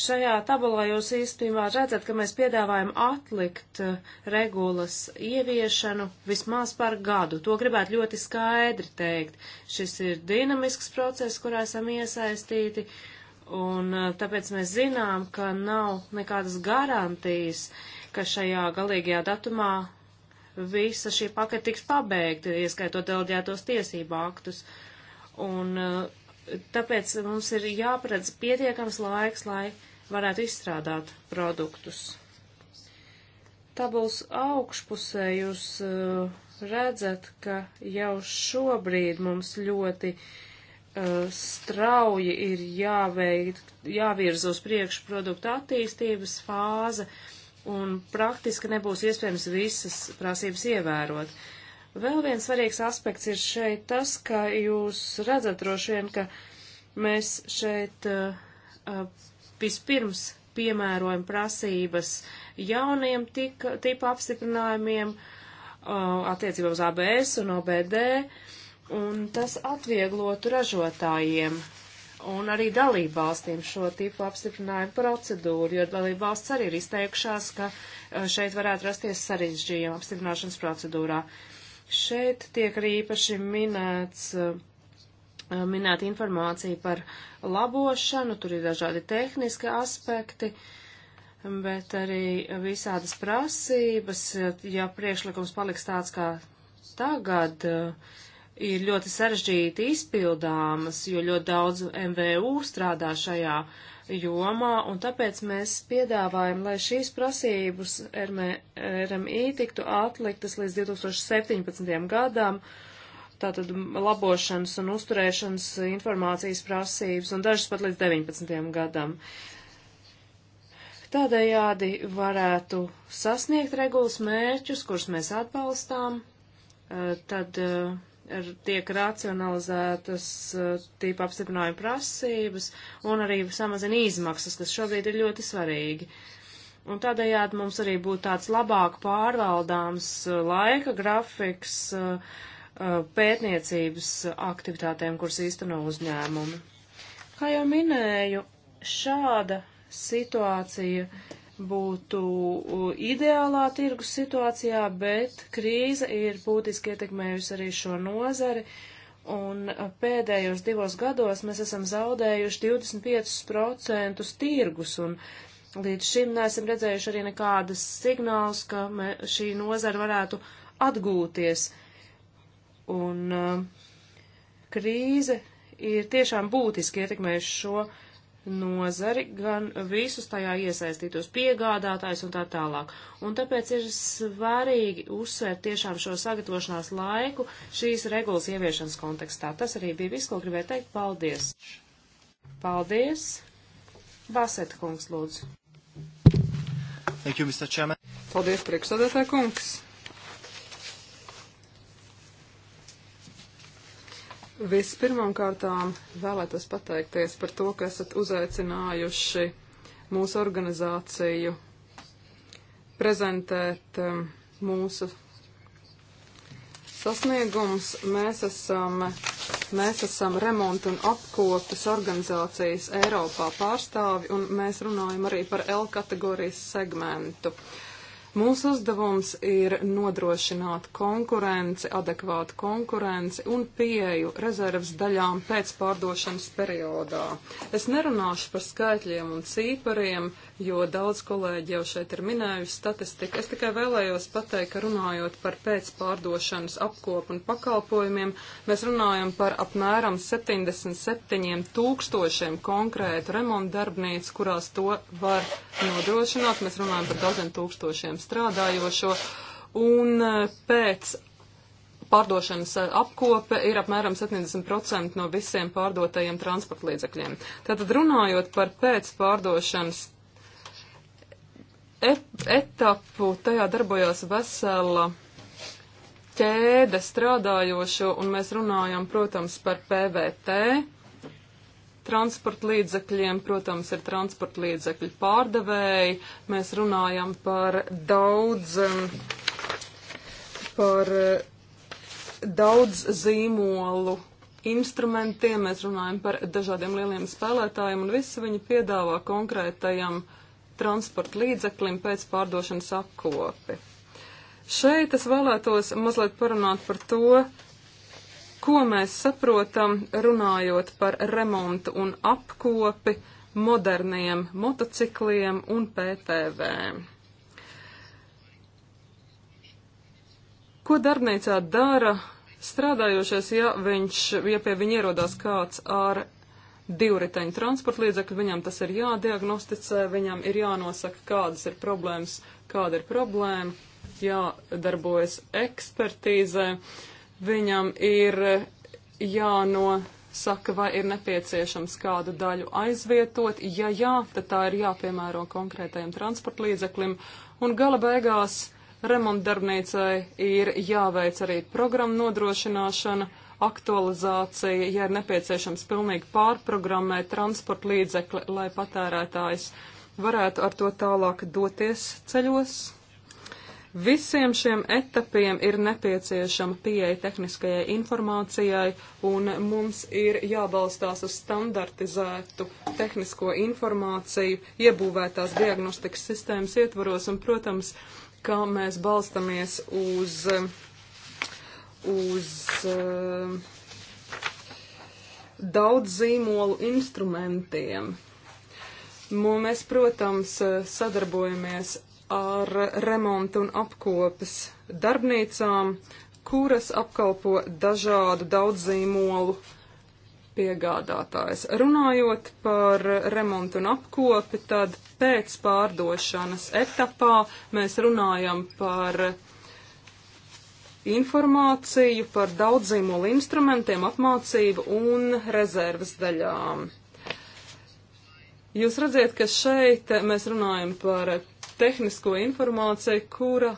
Šajā tabulā jūs īstenībā redzat, ka mēs piedāvājam atlikt eh, regulas ieviešanu vismaz par gadu. To gribētu ļoti skaidri teikt. Šis ir dinamisks process, kurā esam iesaistīti, un eh, tāpēc mēs zinām, ka nav nekādas garantijas, ka šajā galīgajā datumā visa šī paketa tiks pabeigta, ieskaitot delģētos tiesību aktus. Un uh, tāpēc mums ir jāparedz pietiekams laiks, lai varētu izstrādāt produktus. Tabulas augšpusē jūs uh, redzat, ka jau šobrīd mums ļoti uh, strauji ir jāveikt, jāvirza uz priekšu produktu attīstības fāze, un praktiski nebūs iespējams visas prasības ievērot. Uh, Vēl viens svarīgs aspekts ir šeit tas, ka jūs redzat droši vien, ka mēs šeit uh, uh, vispirms piemērojam prasības jauniem tika, tipu apstiprinājumiem uh, attiecībā uz ABS un OBD, un tas atvieglotu ražotājiem un arī dalību valstīm šo tipu apstiprinājumu procedūru, jo dalību valsts arī ir izteikušās, ka šeit varētu rasties sarežģījumi apstiprināšanas procedūrā. Uh, Šeit tiek arī īpaši minēts, eh, minēta informācija par labošanu, tur ir dažādi tehniski aspekti, bet arī visādas prasības, ja priekšlikums paliks tāds kā tagad, uh, ir ļoti sarežģīti izpildāmas, jo ļoti daudz MVU strādā šajā jomā, un tāpēc mēs piedāvājam, lai šīs prasības RMI tiktu atliktas līdz 2017. gadam, tātad labošanas un uzturēšanas informācijas prasības, un dažas pat līdz 19. gadam. Tādējādi varētu sasniegt regulas mērķus, kurus mēs atbalstām, eh, tad uh, tiek racionalizētas eh, tīpa apstiprinājuma prasības un arī samazina izmaksas, kas šobrīd ir ļoti svarīgi. Un tādējādi mums arī būtu tāds labāk pārvaldāms eh, laika grafiks eh, pētniecības aktivitātēm, kuras īsteno uzņēmumi. Kā jau minēju, šāda situācija būtu ideālā tirgus situācijā, bet krīze ir būtiski ietekmējusi arī šo nozari. Un pēdējos divos gados mēs esam zaudējuši 25% tirgus, un līdz šim neesam redzējuši arī nekādas signālus, ka mē, šī nozara varētu atgūties. Un uh, krīze ir tiešām būtiski ietekmējuši šo uh, nozari, gan visus tajā iesaistītos piegādātājus un tā tālāk. Un tāpēc ir svarīgi uzsvērt tiešām šo sagatavošanās laiku šīs regulas ieviešanas kontekstā. Tas arī bija viss, ko gribēju teikt. Paldies! Paldies! Baset kungs, lūdzu. Thank you, Mr. Chairman. Paldies, priekšsēdētāj kungs. Vispirmām kārtām vēlētos pateikties par to, ka esat uzaicinājuši mūsu organizāciju prezentēt um, mūsu sasniegums. Mēs esam, mēs esam remontu un apkopes organizācijas Eiropā pārstāvi, un mēs runājam arī par L kategorijas segmentu. Uh, Mūsu uzdevums ir nodrošināt konkurenci, adekvātu konkurenci un pieeju rezerves daļām pēc pārdošanas periodā. Es nerunāšu par skaitļiem un cīpariem, jo daudz kolēģi jau šeit ir minējuši statistiku. Es tikai vēlējos pateikt, ka runājot par pēcpārdošanas apkopu un pakalpojumiem, mēs runājam par apmēram 77 tūkstošiem konkrētu remontu darbnīcu, kurās to var nodrošināt. Mēs runājam par daudziem tūkstošiem strādājošo. Un e, pēc pārdošanas e, apkope ir apmēram 70% no visiem pārdotajiem transportlīdzekļiem. Tātad runājot par pēcpārdošanas etapu tajā darbojās vesela ķēde strādājošo, un mēs runājam, protams, par PVT. Transporta līdzekļiem, protams, ir transporta līdzekļu pārdevēji. Mēs runājam par daudz, par eh, daudz zīmolu instrumentiem, mēs runājam par dažādiem lieliem spēlētājiem, un visi viņi piedāvā konkrētajam uh, transporta līdzeklim pēc pārdošanas apkopi. Šeit es vēlētos mazliet parunāt par to, ko mēs saprotam runājot par remontu un apkopi moderniem motocikliem un PTV. Ko darbnīcā dara strādājošais, ja, viņš, ja pie viņa ierodās kāds ar divriteņu transporta līdzekļu, viņam tas ir jādiagnosticē, viņam ir jānosaka, kādas ir problēmas, kāda ir problēma, jādarbojas ekspertīzē, viņam ir jānosaka, vai ir nepieciešams kādu daļu aizvietot, ja jā, tad tā ir jāpiemēro konkrētajam transporta līdzeklim, un gala beigās remontdarbnīcai ir jāveic arī programma nodrošināšana, aktualizācija, ja ir nepieciešams pilnīgi pārprogrammēt transporta līdzekli, lai patērētājs varētu ar to tālāk doties ceļos. Visiem šiem etapiem ir nepieciešama pieeja tehniskajai informācijai, un mums ir jābalstās uz standartizētu tehnisko informāciju iebūvētās diagnostikas sistēmas ietvaros, un, protams, kā mēs balstamies uz uh, uz uh, daudz zīmolu instrumentiem. Mēs, protams, sadarbojamies ar remontu un apkopes darbnīcām, kuras apkalpo dažādu daudzīmolu piegādātājs. Runājot par remontu un apkopi, tad pēc pārdošanas etapā mēs runājam par uh, informāciju par daudzīmolu instrumentiem, apmācību un rezerves daļām. Jūs redzat, ka šeit mēs runājam par tehnisko informāciju, kura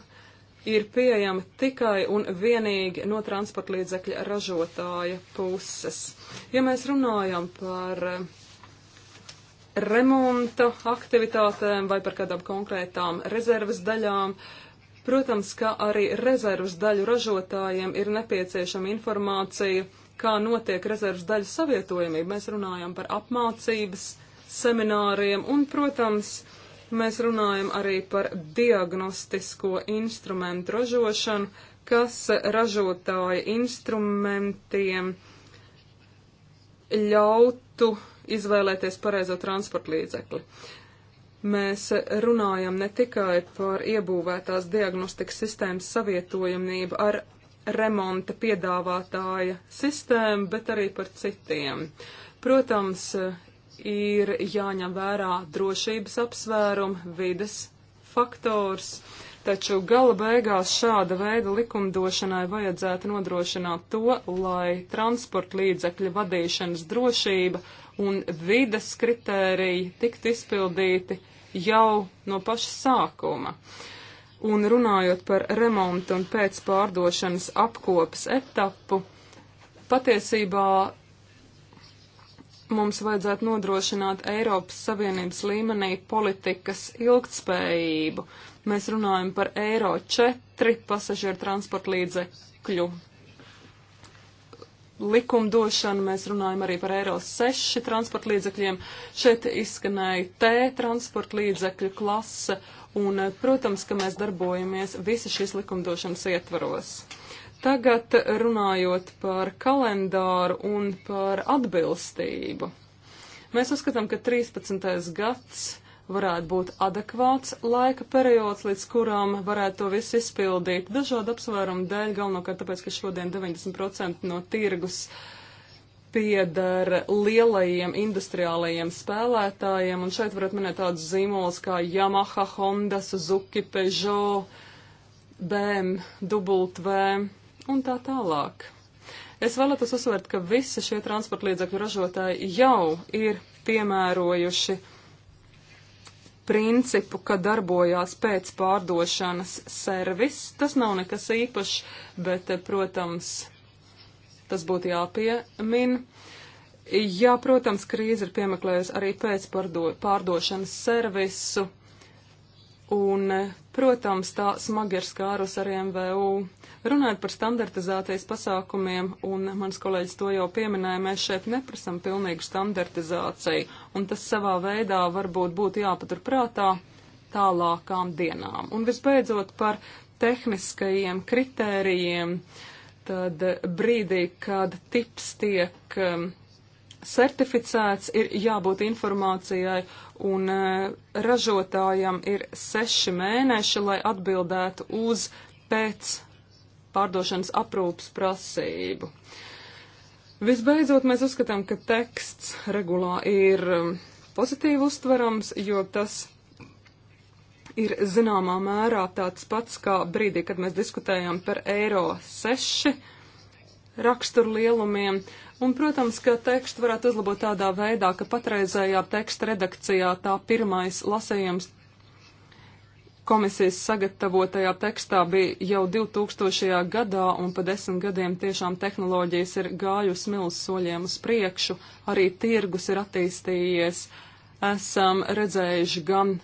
ir pieejama tikai un vienīgi no transporta līdzekļa ražotāja puses. Ja mēs runājam par remonta aktivitātēm vai par kādām konkrētām rezerves daļām, uh, Protams, ka arī rezervas daļu ražotājiem ir nepieciešama informācija, kā notiek rezervas daļu savietojamība. Mēs runājam par apmācības semināriem un, protams, mēs runājam arī par diagnostisko instrumentu ražošanu, kas ražotāja instrumentiem ļautu izvēlēties pareizo transporta līdzekli mēs runājam ne tikai par iebūvētās diagnostikas sistēmas savietojamību ar remonta piedāvātāja sistēmu, bet arī par citiem. Protams, ir jāņem vērā drošības apsvērumi, vides faktors, taču gala beigās šāda veida likumdošanai vajadzētu nodrošināt to, lai transporta līdzekļa vadīšanas drošība un vides kritēriji tiktu izpildīti jau no paša sākuma. Un runājot par remontu un pēcpārdošanas apkopas etapu, patiesībā mums vajadzētu nodrošināt Eiropas Savienības līmenī politikas ilgtspējību. Mēs runājam par Eiro 4 pasažieru transporta līdzekļu likumdošanu, mēs runājam arī par Eiro 6 transporta līdzekļiem. Šeit izskanēja T transporta līdzekļu klase, un, protams, ka mēs darbojamies visi šīs likumdošanas ietvaros. Tagad runājot par kalendāru un par atbilstību. Mēs uzskatām, ka 13. gads varētu būt adekvāts laika periods, līdz kurām varētu to visu izpildīt. Dažādu apsvērumu dēļ, galvenokārt tāpēc, ka šodien 90% no tirgus piedara lielajiem industriālajiem spēlētājiem, un šeit varat minēt tādus zīmolus kā Yamaha, Honda, Suzuki, Peugeot, BMW, W un tā tālāk. Es vēlētos uzsvērt, ka visi šie transporta līdzekļu ražotāji jau ir piemērojuši uh, principu, ka darbojās pēc pārdošanas servis. Tas nav nekas īpašs, bet, eh, protams, tas būtu jāpiemin. Jā, protams, krīze ir piemeklējusi arī pēc pārdo pārdošanas servisu Un, protams, tā smagi ir skārus arī MVU. Runājot par standartizācijas pasākumiem, un mans kolēģis to jau pieminēja, mēs šeit neprasam pilnīgu standartizāciju, un tas savā veidā varbūt būtu jāpaturprātā tālākām dienām. Un visbeidzot par tehniskajiem kritērijiem, tad brīdī, kad tips tiek um, certificēts, ir jābūt informācijai, un eh, ražotājam ir seši mēneši, lai atbildētu uz pēc pārdošanas aprūpas prasību. Visbeidzot, mēs uzskatām, ka teksts regulā ir eh, pozitīvi uztverams, jo tas ir zināmā mērā tāds pats kā brīdī, kad mēs diskutējām par eiro 6 raksturlielumiem. lielumiem Un, protams, ka tekstu varētu uzlabot tādā veidā, ka patreizējā teksta redakcijā tā pirmais lasējums komisijas sagatavotajā tekstā bija jau 2000. gadā, un pa desmit gadiem tiešām tehnoloģijas ir gājusi milz soļiem uz priekšu, arī tirgus ir attīstījies. Esam redzējuši gan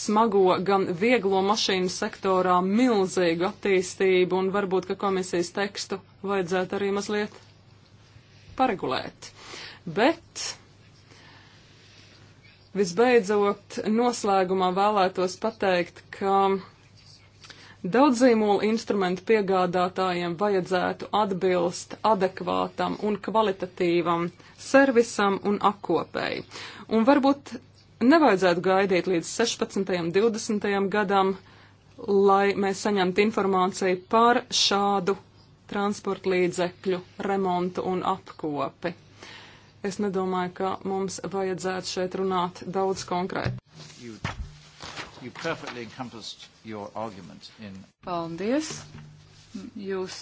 smago, gan vieglo mašīnu sektorā milzīgu attīstību, un varbūt, ka komisijas tekstu vajadzētu arī mazliet paregulēt. Bet visbeidzot, noslēgumā vēlētos pateikt, ka Daudzīmolu instrumentu piegādātājiem vajadzētu atbilst adekvātam un kvalitatīvam servisam un akopēji. Un varbūt nevajadzētu gaidīt līdz 16. un 20. gadam, lai mēs saņemtu informāciju par šādu transportlīdzekļu remontu un apkopi. Es nedomāju, ka mums vajadzētu šeit runāt daudz konkrēti. You, you in... Paldies! Jūs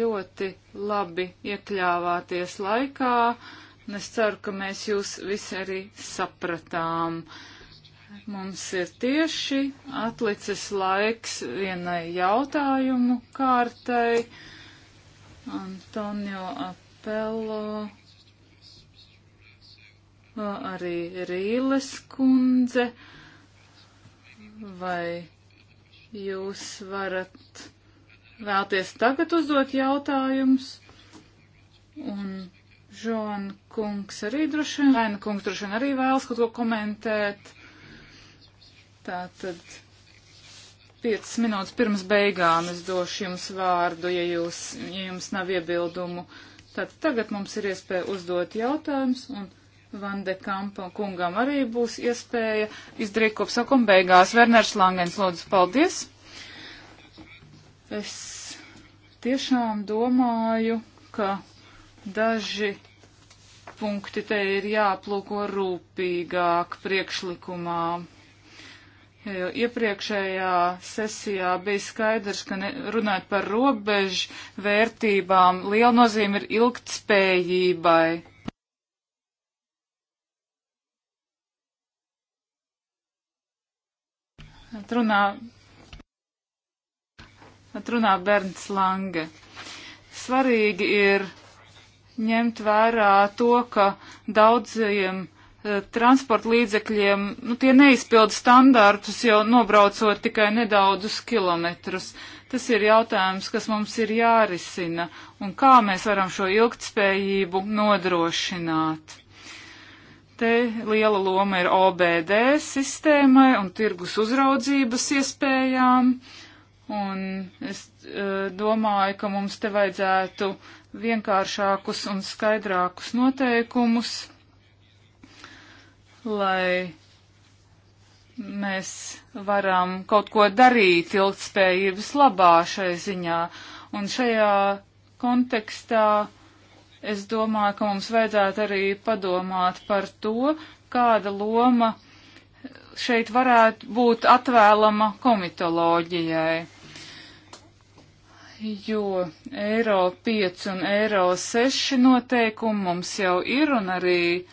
ļoti labi iekļāvāties laikā, un es ceru, ka mēs jūs visi arī sapratām. Mums ir tieši atlicis laiks vienai jautājumu kārtai. Antonio Apello, arī Rīles kundze, vai jūs varat vēlties tagad uzdot jautājumus? Un Žona kungs arī droši vien, Laina kungs droši vien arī vēlas kaut ko komentēt. Tātad. 5 minūtes pirms beigām es došu jums vārdu, ja, jūs, ja jums nav iebildumu. Tad tagad mums ir iespēja uzdot jautājumus, un Vande Kampa kungam arī būs iespēja izdarīt kopsakuma beigās. Werners Langens, lūdzu, paldies! Es tiešām domāju, ka daži punkti te ir jāplūko rūpīgāk priekšlikumā jo iepriekšējā sesijā bija skaidrs, ka ne, runājot par robežu vērtībām, liela nozīme ir ilgtspējībai. Atrunā, atrunā Bernts Lange. Svarīgi ir ņemt vērā to, ka daudziem Eh, transporta līdzekļiem, nu, tie neizpilda standārtus jau nobraucot tikai nedaudzus kilometrus. Tas ir jautājums, kas mums ir jārisina un kā mēs varam šo ilgtspējību nodrošināt. Te liela loma ir OBD sistēmai un tirgus uzraudzības iespējām. Un es e, domāju, ka mums te vajadzētu vienkāršākus un skaidrākus noteikumus lai mēs varam kaut ko darīt ilgspējības labā šai ziņā. Un šajā kontekstā es domāju, ka mums vajadzētu arī padomāt par to, kāda loma šeit varētu būt atvēlama komitoloģijai. Jo Eiro 5 un Eiro 6 noteikumi mums jau ir un arī uh,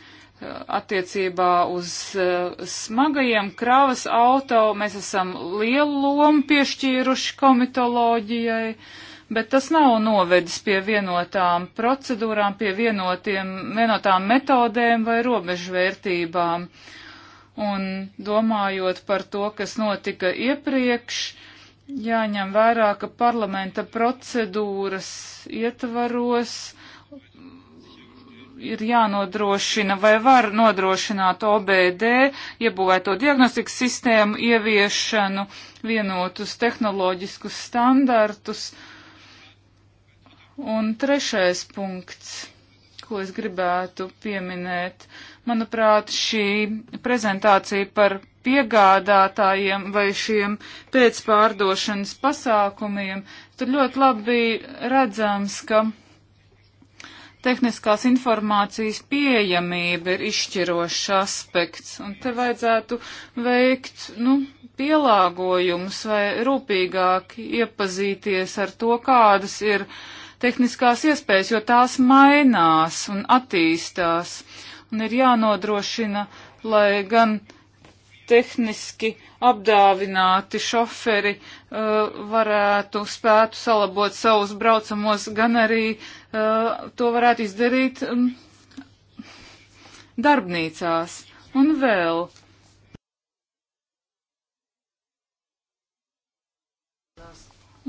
attiecībā uz eh, smagajiem kravas auto mēs esam lielu lomu piešķīruši komitoloģijai, bet tas nav novedis pie vienotām procedūrām, pie vienotiem, vienotām metodēm vai robežvērtībām. Un domājot par to, kas notika iepriekš, jāņem vērā, ka parlamenta procedūras ietvaros ir jānodrošina vai var nodrošināt OBD, iebūvēto diagnostikas sistēmu ieviešanu, vienotus tehnoloģiskus standartus. Un trešais punkts, ko es gribētu pieminēt, manuprāt, šī prezentācija par piegādātājiem vai šiem pēcpārdošanas pasākumiem, tur ļoti labi redzams, ka tehniskās informācijas pieejamība ir izšķirošs aspekts, un te vajadzētu veikt, nu, pielāgojumus vai rūpīgāk iepazīties ar to, kādas ir tehniskās iespējas, jo tās mainās un attīstās, un ir jānodrošina, lai gan tehniski apdāvināti šoferi uh, varētu spētu salabot savus braucamos, gan arī uh, Eh, to varētu izdarīt mm, darbnīcās un vēl.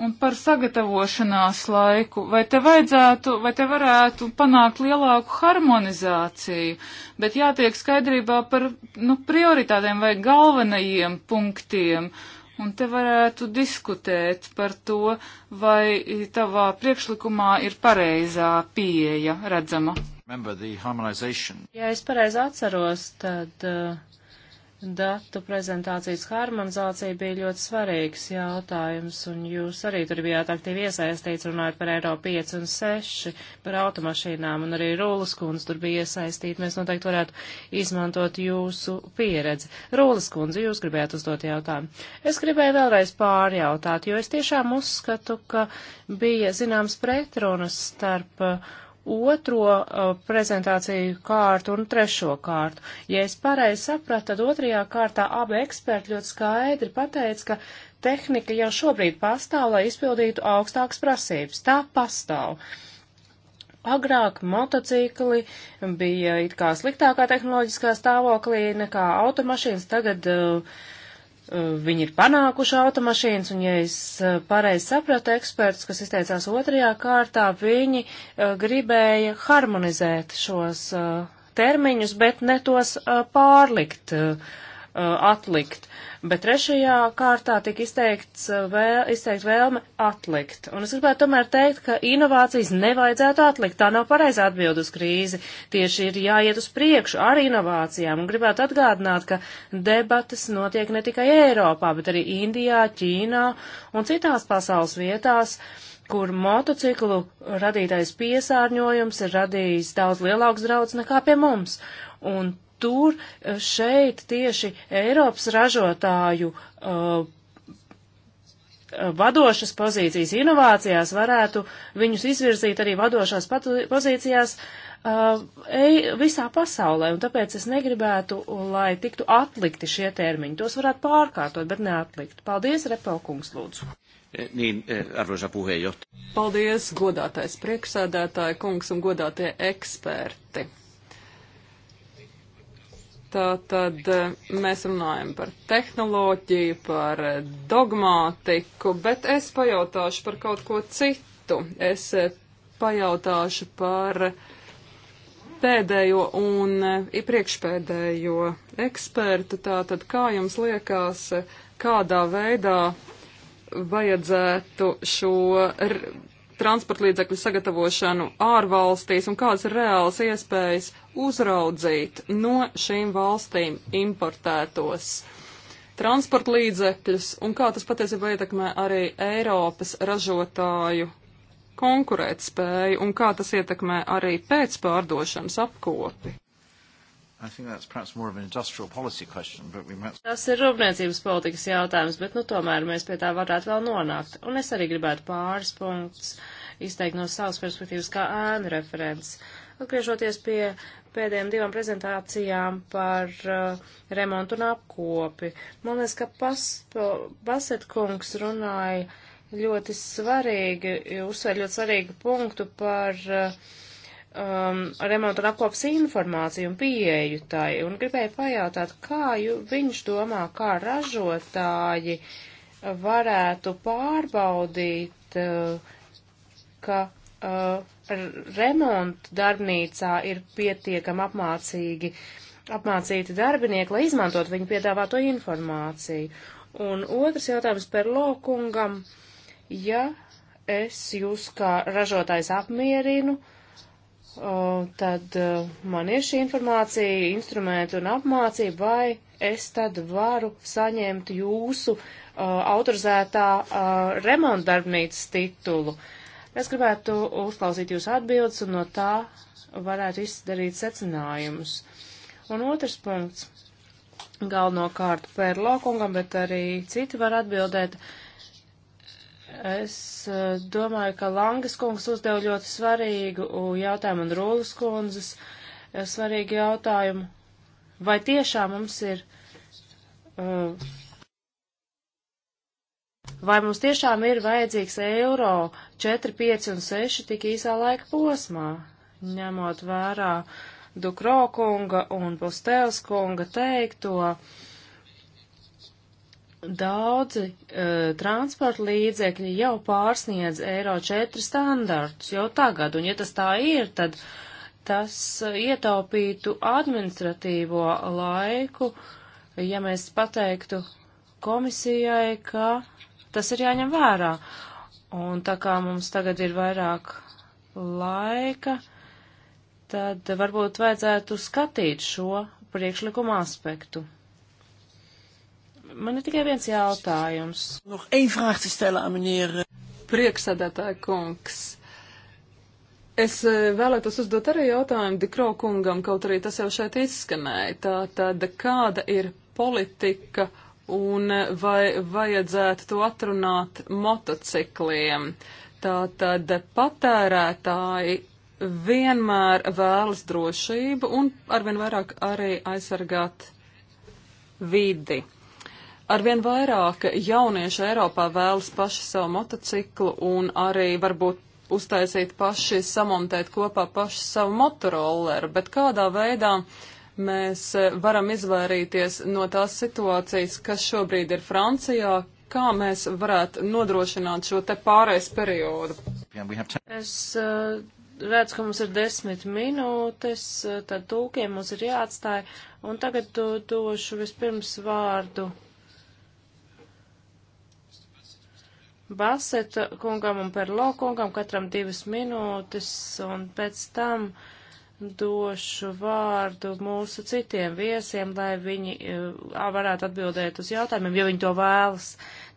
Un par sagatavošanās laiku, vai te vajadzētu, vai te varētu panākt lielāku harmonizāciju, bet jātiek skaidrībā par, nu, prioritātēm vai galvenajiem punktiem, Un te varētu diskutēt par to, vai tavā priekšlikumā ir pareizā pieeja redzama. Ja es pareizi atceros, tad uh, Datu prezentācijas harmonizācija bija ļoti svarīgs jautājums, un jūs arī tur bijāt aktīvi iesaistīts, runājot par Eiro 5 un 6, par automašīnām, un arī Rūlas kundze tur bija iesaistīta. Mēs noteikti varētu izmantot jūsu pieredzi. Rūlas kundze, jūs gribējāt uzdot jautājumu. Es gribēju vēlreiz pārjautāt, jo es tiešām uzskatu, ka bija zināms pretrunas starp uh, otro uh, prezentāciju kārtu un trešo kārtu. Ja es pareizi sapratu, tad otrajā kārtā abi eksperti ļoti skaidri pateica, ka tehnika jau šobrīd pastāv, lai izpildītu augstākas prasības. Tā pastāv. Agrāk motocikli bija it kā sliktākā tehnoloģiskā stāvoklī nekā automašīnas, tagad uh, viņi ir panākuši automašīnas, un, ja es eh, pareizi sapratu ekspertus, kas izteicās otrajā kārtā, viņi eh, gribēja harmonizēt šos eh, termiņus, bet ne tos pārlikt. Uh, Uh, atlikt. Bet trešajā kārtā tika izteikts uh, vēl, izteikt vēlme atlikt. Un es gribētu tomēr teikt, ka inovācijas nevajadzētu atlikt. Tā nav pareizā atbild uz krīzi. Tieši ir jāiet uz priekšu ar inovācijām. Un gribētu atgādināt, ka debatas notiek ne tikai Eiropā, bet arī Indijā, Ķīnā un citās pasaules vietās kur motociklu radītais piesārņojums ir radījis daudz lielāks draudz nekā pie mums. Un tur eh, šeit tieši Eiropas ražotāju uh, vadošas pozīcijas inovācijās varētu viņus izvirzīt arī vadošās pozīcijās uh, visā pasaulē, un tāpēc es negribētu, lai tiktu atlikti šie termiņi. Tos varētu pārkārtot, bet neatlikt. Paldies, Repelkungs, lūdzu. E, niin, e, arvoisa puheenjohtaja. Paldies, godātais priekšsēdētāja kungs un godātie eksperti. Tā tad e, mēs runājam par tehnoloģiju, par e, dogmātiku, bet es pajautāšu par kaut ko citu. Es e, pajautāšu par pēdējo un iepriekšpēdējo ekspertu. Tātad, kā jums liekas, kādā veidā vajadzētu šo transportlīdzekļu sagatavošanu ārvalstīs un kādas ir reālas iespējas uzraudzīt no šīm valstīm importētos transportlīdzekļus un kā tas patiesībā ietekmē arī Eiropas ražotāju konkurētspēju un kā tas ietekmē arī pēcpārdošanas apkopi. Might... Tas ir rūpniecības politikas jautājums, bet nu tomēr mēs pie tā varētu vēl nonākt. Un es arī gribētu pāris punktus izteikt no savas perspektīvas kā ēnu referents. Atgriežoties pie pēdējām divām prezentācijām par uh, remontu un apkopi, man liekas, ka pas, Basetkungs runāja ļoti svarīgi, uzsver ļoti svarīgu punktu par uh, um, remontu un apkopas informāciju un pieeju tai, un gribēju pajautāt, kā jū, viņš domā, kā ražotāji varētu pārbaudīt, uh, ka uh, remontu darbnīcā ir pietiekami apmācīgi, apmācīti darbinieki, lai izmantot viņu piedāvāto informāciju. Un otrs jautājums par lokungam. Ja es jūs kā ražotājs apmierinu, uh, tad man ir šī informācija, instrumenti un apmācība, vai es tad varu saņemt jūsu uh, autorizētā uh, remontdarbnīcas titulu. Es gribētu uzklausīt jūsu atbildes un no tā varētu izdarīt secinājumus. Un otrs punkts, galvenokārt Pērlokungam, bet arī citi var atbildēt. Uh, Es eh, domāju, ka Langas kungs uzdeva ļoti svarīgu jautājumu un Rūlas kundzes eh, svarīgu jautājumu. Vai tiešām mums ir. Eh, vai mums tiešām ir vajadzīgs eiro 4, 5 un 6 tik īsā laika posmā, ņemot vērā Dukro kunga un Postēls kunga teikto? Uh, Daudzi uh, transporta līdzekļi jau pārsniedz Eiro 4 standartus jau tagad, un ja tas tā ir, tad tas eh, ietaupītu administratīvo laiku, ja mēs pateiktu komisijai, ka tas ir jāņem vērā. Un tā kā mums tagad ir vairāk laika, tad varbūt vajadzētu skatīt šo priekšlikumu aspektu. Man ir tikai viens jautājums. Nog één vraag te stellen aan meneer eh, Prieksadātāja kungs. Es eh, vēlētos uzdot arī jautājumu Dikro kungam, kaut arī tas jau šeit izskanēja. Tā tad kāda ir politika un eh, vai vajadzētu to atrunāt motocikliem? Tā tad patērētāji vienmēr vēlas drošību un arvien vairāk arī aizsargāt vidi. Arvien vairāk jaunieši Eiropā vēlas paši savu motociklu un arī varbūt uztaisīt paši, samontēt kopā paši savu motorolleru, bet kādā veidā mēs e, varam izvairīties no tās situācijas, kas šobrīd ir Francijā, kā mēs varētu nodrošināt šo te pārējais periodu. Es uh, e, redz, ka mums ir desmit minūtes, e, tad tūkiem mums ir jāatstāj. Un tagad došu vispirms vārdu Baseta kungam un Perlo kungam, katram divas minūtes, un pēc tam došu vārdu mūsu citiem viesiem, lai viņi uh, varētu atbildēt uz jautājumiem, ja viņi to vēlas.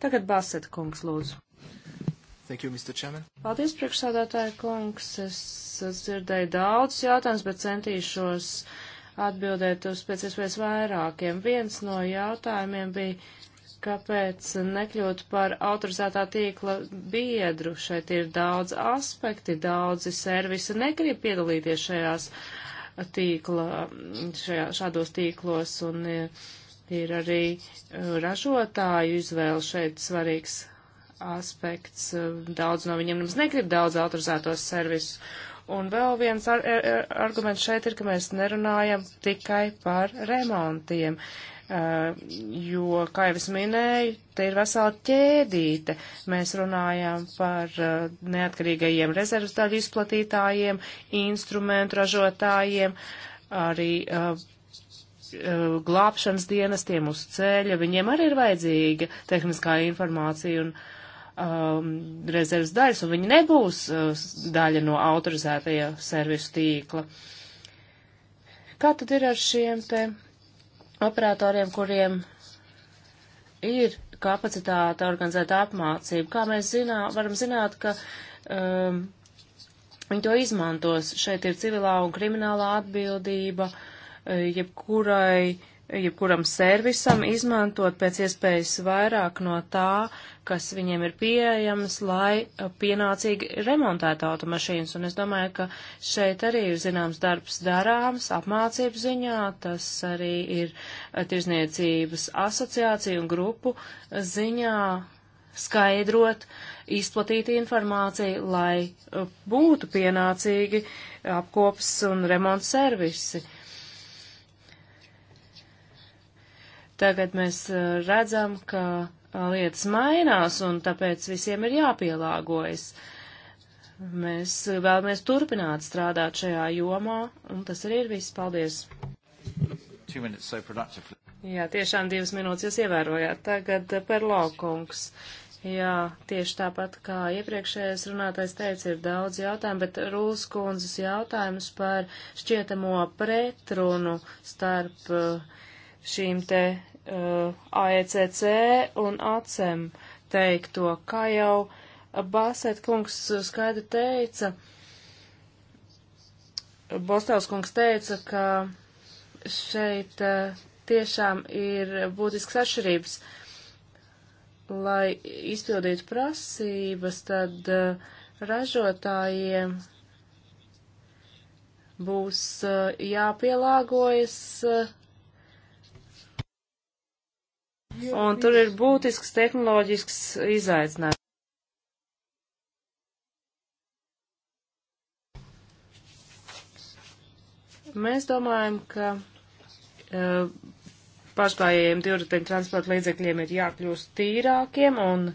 Tagad Baseta kungs, lūdzu. Thank you, Mr. Chairman. Paldies, priekšsādātāja kungs. Es, es dzirdēju daudz jautājumus, bet centīšos atbildēt uz pēc iespējas vairākiem. Viens no jautājumiem bija kāpēc nekļūt par autorizētā tīkla biedru. Šeit ir daudz aspekti, daudzi servisi negrib piedalīties šajās tīkla, šajā, šādos tīklos, un e, ir arī e, ražotāju izvēle šeit svarīgs aspekts. E, daudz no viņiem mums negrib daudz autorizētos servisus. Un vēl viens ar, ar, arguments šeit ir, ka mēs nerunājam tikai par remontiem. Uh, jo, kā jau es minēju, te ir vesela ķēdīte. Mēs runājām par uh, neatkarīgajiem rezervas daļu izplatītājiem, instrumentu ražotājiem, arī uh, uh, glābšanas dienestiem uz ceļa. Viņiem arī ir vajadzīga tehniskā informācija un um, rezervas daļas, un viņi nebūs uh, daļa no autorizētajā servisu tīkla. Kā tad ir ar šiem te operatoriem, kuriem ir kapacitāte organizēt apmācību. Kā mēs zinā, varam zināt, ka um, viņi to izmantos. Šeit ir civilā un kriminālā atbildība, uh, jebkurai uh, jebkuram servisam izmantot pēc iespējas vairāk no tā, kas viņiem ir pieejams, lai uh, pienācīgi remontētu automašīnas. Un es domāju, ka šeit arī ir zināms darbs darāms, apmācību ziņā, tas arī ir uh, tirzniecības asociāciju un grupu uh, ziņā skaidrot, izplatīt informāciju, lai būtu pienācīgi apkops un remonta servisi. Uh, Tagad mēs redzam, ka lietas mainās un tāpēc visiem ir jāpielāgojas. Mēs vēlamies turpināt strādāt šajā jomā, un tas arī ir viss. Paldies! Jā, tiešām divas minūtes jūs ievērojāt. Tagad par laukungs. Jā, tieši tāpat kā iepriekšējais runātais teica, ir daudz jautājumu, bet Rūlas kundzes jautājums par šķietamo pretrunu starp uh, šīm te uh, AECC un ACEM teikto, kā jau Basēt kungs skaidri teica, Bostovs kungs teica, ka šeit uh, tiešām ir būtisks atšķirības. Lai izpildītu prasības, tad uh, ražotājiem būs uh, jāpielāgojas uh, un tur ir būtisks tehnoloģisks izaicinājums. Mēs domājam, ka uh, e, pašpārējiem divratiem transporta līdzekļiem ir jākļūst tīrākiem, un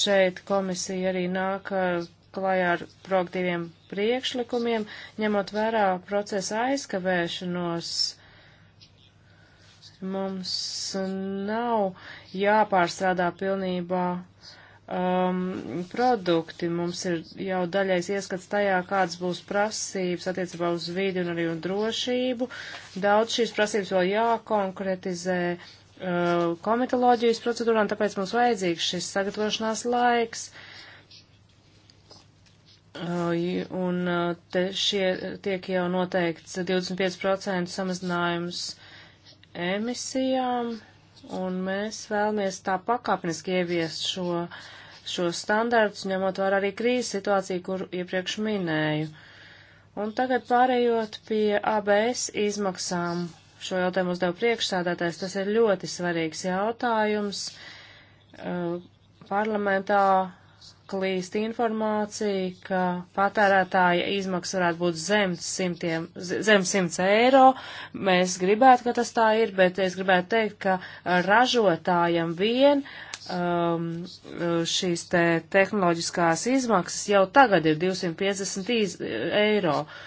šeit komisija arī nāk uh, klajā ar proaktīviem priekšlikumiem, ņemot vērā procesa aizkavēšanos Mums nav jāpārstrādā pilnībā um, produkti, mums ir jau daļais ieskats tajā, kādas būs prasības attiecībā uz vīdi un arī un drošību. Daudz šīs prasības vēl jākonkretizē uh, komitoloģijas procedūrām, tāpēc mums vajadzīgs šis sagatavošanās laiks. Uh, un uh, te šie tiek jau noteikts 25% samazinājums emisijām, un mēs vēlamies tā pakāpeniski ieviest šo, šo standārtus, ņemot vērā arī krīzes situāciju, kur iepriekš minēju. Un tagad pārējot pie ABS izmaksām. Šo jautājumu uzdev priekšsādātājs. Tas ir ļoti svarīgs jautājums. Uh, parlamentā klīst informācija, ka patērētāja izmaksas varētu būt zem, simtiem, zem 100 eiro. Mēs gribētu, ka tas tā ir, bet es gribētu teikt, ka ražotājam vien um, šīs te tehnoloģiskās izmaksas jau tagad ir 250 iz, eiro. Uh,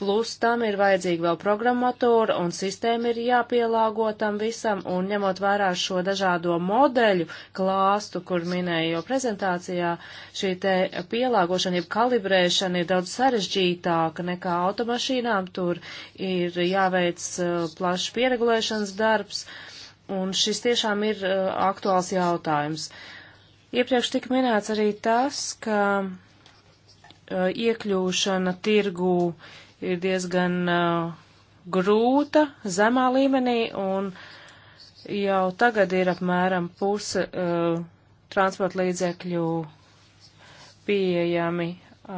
Plus tam ir vajadzīga vēl programmatūra un sistēma ir jāpielāgo tam visam un ņemot vērā šo dažādo modeļu klāstu, kur minēju jau prezentācijā, šī te pielāgošana, jeb kalibrēšana ir daudz sarežģītāka nekā automašīnām. Tur ir jāveic uh, plašs pieregulēšanas darbs un šis tiešām ir uh, aktuāls jautājums. Iepriekš tika minēts arī tas, ka uh, iekļūšana tirgū uh, ir diezgan uh, grūta zemā līmenī un jau tagad ir apmēram puse uh, transporta līdzekļu pieejami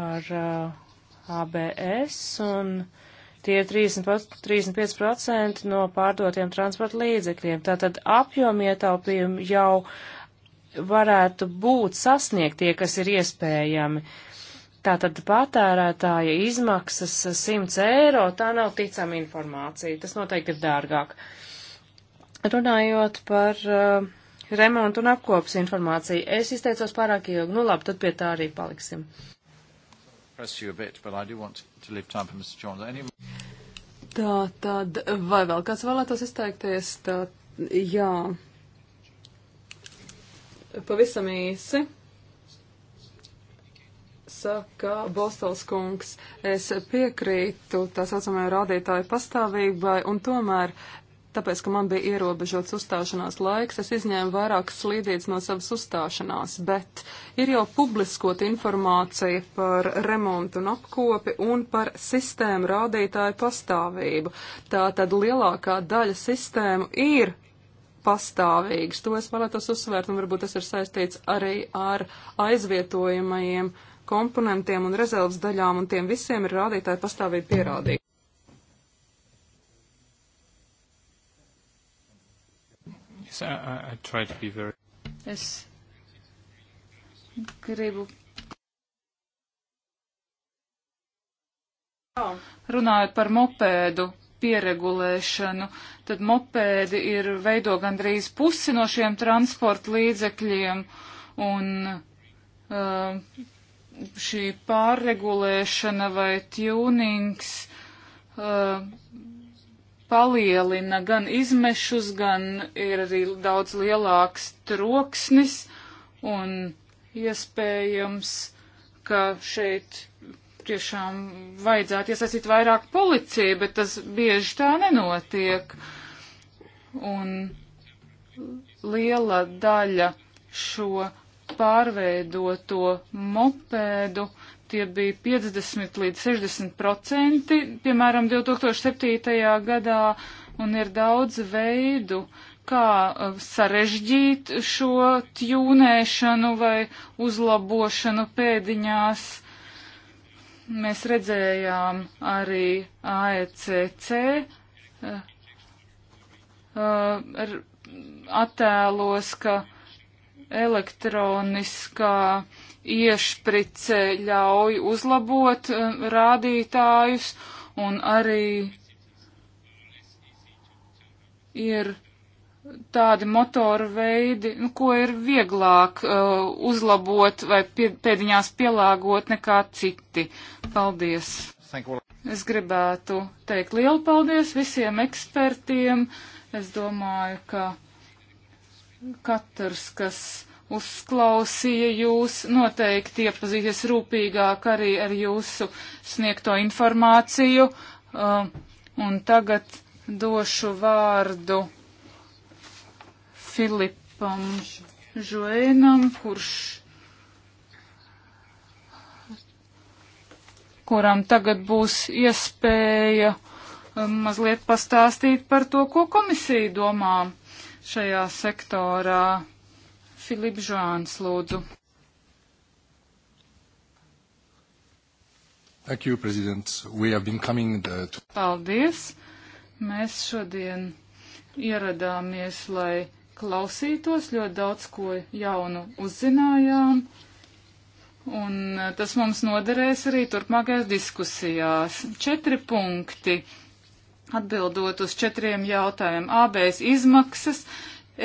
ar uh, ABS un tie ir 30, 35% no pārdotiem transporta līdzekļiem. Tātad apjomietaupījumi jau varētu būt sasniegtie, kas ir iespējami. Uh, Tātad patērētāja izmaksas 100 eiro, tā nav ticama informācija, tas noteikti ir dārgāk. Runājot par uh, remontu un apkopas informāciju, es izteicos pārāk ilgi, nu labi, tad pie tā arī paliksim. Bit, Any... Tā tad, vai vēl kāds vēlētos izteikties? Tā, jā, pavisam īsi jāsaka, Bostels kungs, es piekrītu tā saucamajai rādītāju pastāvībai, un tomēr, tāpēc, ka man bija ierobežots uzstāšanās laiks, es izņēmu vairākas slīdītas no savas uzstāšanās, bet ir jau publiskot informācija par remontu un apkopi un par sistēmu rādītāju pastāvību. Tātad lielākā daļa sistēmu ir pastāvīgs. To es vēlētos uzsvērt, un varbūt tas ir saistīts arī ar aizvietojamajiem komponentiem un rezerves daļām, un tiem visiem ir rādītāji pastāvīgi pierādīti. Yes, I, I, I very... Es gribu Runājot par mopēdu pieregulēšanu, tad mopēdi ir veido gandrīz pusi no šiem transporta līdzekļiem, un uh, šī pārregulēšana vai tūnings uh, palielina gan izmešus, gan ir arī daudz lielāks troksnis un iespējams, ka šeit tiešām vajadzētu iesaistīt vairāk policiju, bet tas bieži tā nenotiek. Un liela daļa šo pārveidoto mopēdu tie bija 50 līdz 60 procenti, piemēram, 2007. gadā, un ir daudz veidu, kā uh, sarežģīt šo tjūnēšanu vai uzlabošanu pēdiņās. Mēs redzējām arī AECC uh, uh, attēlos, ka elektroniskā iešprice ļauj uzlabot um, rādītājus un arī ir tādi motoru veidi, nu, ko ir vieglāk uh, uzlabot vai pie, pēdiņās pielāgot nekā citi. Paldies! Es gribētu teikt lielu paldies visiem ekspertiem. Es domāju, ka Katrs, kas uzklausīja jūs, noteikti iepazīsies rūpīgāk arī ar jūsu sniegto informāciju. Uh, un tagad došu vārdu Filipam Žoēnam, kurš kuram tagad būs iespēja um, mazliet pastāstīt par to, ko komisija domā šajā sektorā. Filip Žāns, lūdzu. Thank you, President. We have been coming the... Uh, to... Paldies. Mēs šodien ieradāmies, lai klausītos, ļoti daudz ko jaunu uzzinājām. Un uh, tas mums noderēs arī turpmākajās diskusijās. Četri punkti atbildot uz četriem jautājumiem. ABS izmaksas,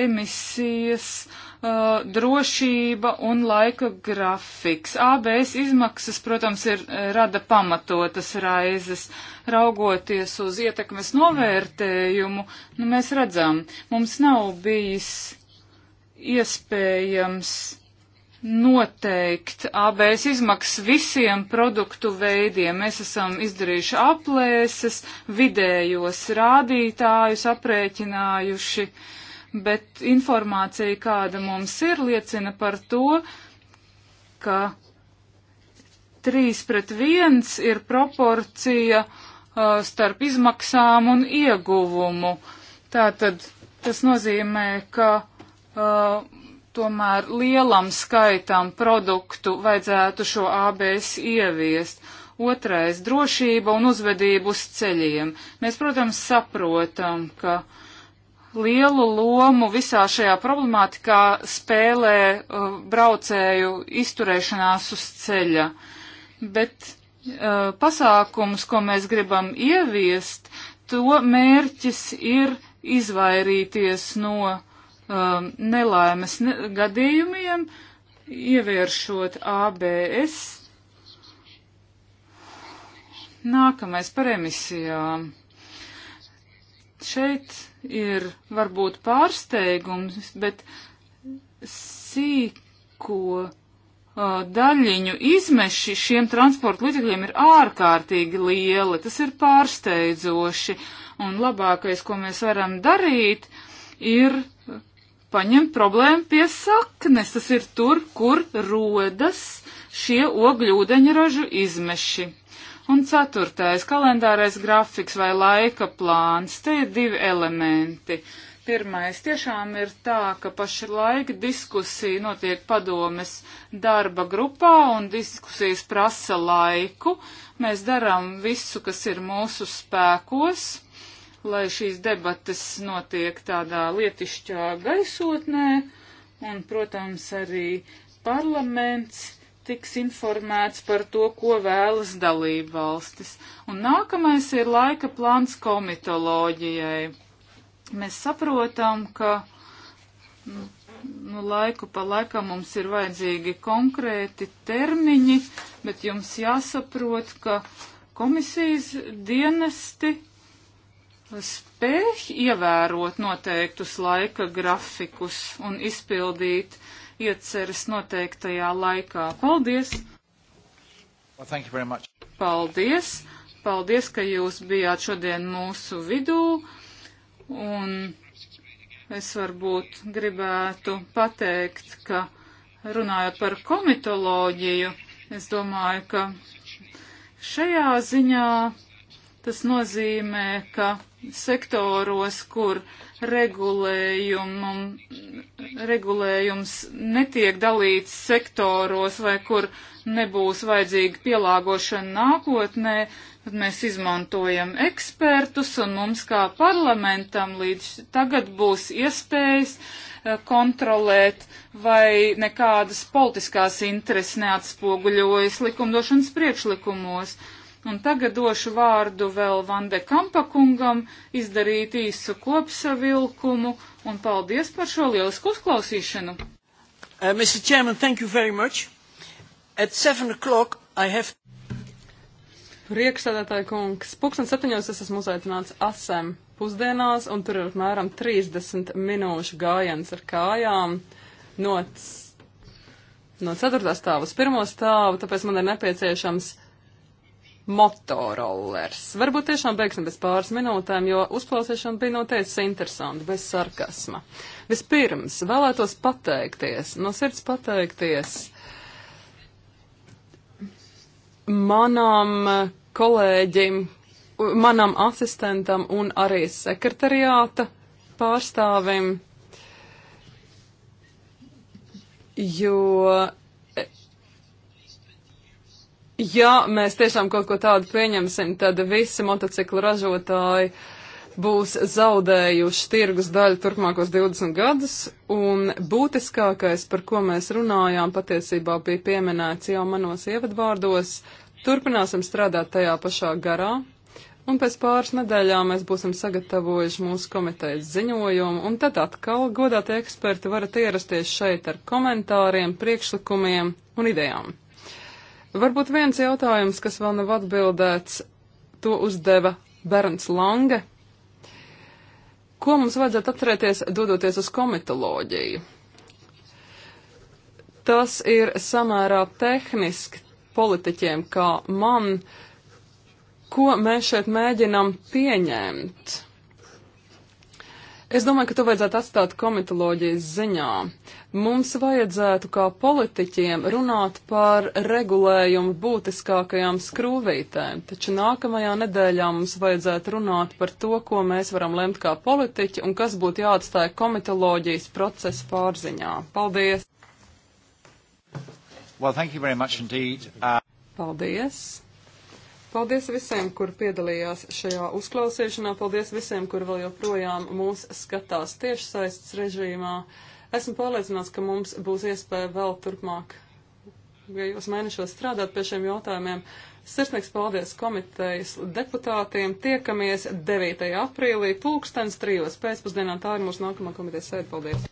emisijas, uh, drošība un laika grafiks. ABS izmaksas, protams, ir eh, rada pamatotas raizes. Raugoties uz ietekmes novērtējumu, nu, mēs redzam, mums nav bijis iespējams noteikt ABS izmaksas visiem produktu veidiem. Mēs esam izdarījuši aplēses, vidējos rādītājus aprēķinājuši, bet informācija, kāda mums ir, liecina par to, ka 3 pret 1 ir proporcija uh, starp izmaksām un ieguvumu. Tātad tas nozīmē, ka uh, tomēr lielam skaitam produktu vajadzētu šo ABS ieviest. Otrais - drošība un uzvedība uz ceļiem. Mēs, protams, saprotam, ka lielu lomu visā šajā problemātikā spēlē uh, braucēju izturēšanās uz ceļa. Bet uh, pasākums, ko mēs gribam ieviest, to mērķis ir izvairīties no um, nelaimes ne gadījumiem, ievēršot ABS. Nākamais par emisijām. Šeit ir varbūt pārsteigums, bet sīko uh, daļiņu izmeši šiem transporta līdzekļiem ir ārkārtīgi lieli. Tas ir pārsteidzoši. Un labākais, ko mēs varam darīt, ir paņemt problēmu pie saknes. Tas ir tur, kur rodas šie ogļūdeņražu izmeši. Un ceturtais kalendārais grafiks vai laika plāns. Te ir divi elementi. Pirmais tiešām ir tā, ka pašlaik diskusija notiek padomes darba grupā un diskusijas prasa laiku. Mēs darām visu, kas ir mūsu spēkos lai šīs debates notiek tādā lietišķā gaisotnē, un, protams, arī parlaments tiks informēts par to, ko vēlas dalība valstis. Un nākamais ir laika plāns komitoloģijai. Mēs saprotam, ka nu, nu, laiku pa laikam mums ir vajadzīgi konkrēti termiņi, bet jums jāsaprot, ka komisijas dienesti spēj ievērot noteiktus laika grafikus un izpildīt ieceras noteiktajā laikā. Paldies! Well, Paldies! Paldies, ka jūs bijāt šodien mūsu vidū. Un es varbūt gribētu pateikt, ka runājot par komitoloģiju, es domāju, ka šajā ziņā Tas nozīmē, ka sektoros, kur regulējums netiek dalīts sektoros vai kur nebūs vajadzīga pielāgošana nākotnē, tad mēs izmantojam ekspertus un mums kā parlamentam līdz tagad būs iespējas eh, kontrolēt, vai nekādas politiskās intereses neatspoguļojas likumdošanas priekšlikumos. Un tagad došu vārdu vēl Vande Kampakungam izdarīt īsu kopsavilkumu un paldies par šo lielisku uzklausīšanu. Uh, Mr. Chairman, thank you very much. At 7 o'clock I have. Priekšsēdētāji kungs, pulksten septiņos es esmu uzaicināts asem pusdienās un tur ir apmēram 30 minūšu gājiens ar kājām no, no 4. stāva uz 1. stāvu, tāpēc man ir nepieciešams motorolers. Varbūt tiešām beigsim bez pāris minūtēm, jo uzklausīšana bija noteikti interesanta, bez sarkasma. Vispirms vēlētos pateikties, no sirds pateikties manam kolēģim, manam asistentam un arī sekretariāta pārstāvim, jo ja mēs tiešām kaut ko tādu pieņemsim, tad visi motociklu ražotāji būs zaudējuši tirgus daļu turpmākos 20 gadus, un būtiskākais, par ko mēs runājām, patiesībā bija pieminēts jau manos ievadvārdos. Turpināsim strādāt tajā pašā garā, un pēc pāris nedēļām mēs būsim sagatavojuši mūsu komitejas ziņojumu, un tad atkal godātie eksperti varat ierasties šeit ar komentāriem, priekšlikumiem un idejām. Varbūt viens jautājums, kas vēl nav atbildēts, to uzdeva Bernds Lange. Ko mums vajadzētu atcerēties, dodoties uz komitoloģiju? Tas ir samērā tehniski politiķiem kā man, ko mēs šeit mēģinam pieņemt Es domāju, ka to vajadzētu atstāt komitoloģijas ziņā. Mums vajadzētu kā politiķiem runāt par regulējumu būtiskākajām skrūvītēm, taču nākamajā nedēļā mums vajadzētu runāt par to, ko mēs varam lemt kā politiķi un kas būtu jāatstāja komitoloģijas procesa pārziņā. Paldies! Well, thank you very much indeed. Uh... Paldies! Paldies visiem, kur piedalījās šajā uzklausīšanā. Paldies visiem, kur vēl joprojām mūs skatās tiešsaistes režīmā. Esmu pārliecināts, ka mums būs iespēja vēl turpmāk, ja jūs mēnešos strādāt pie šiem jautājumiem. Sirsnīgs paldies komitejas deputātiem. Tiekamies 9. aprīlī, pulkstens trijos pēcpusdienā. Tā ir mūsu nākamā komitejas sēde. Paldies!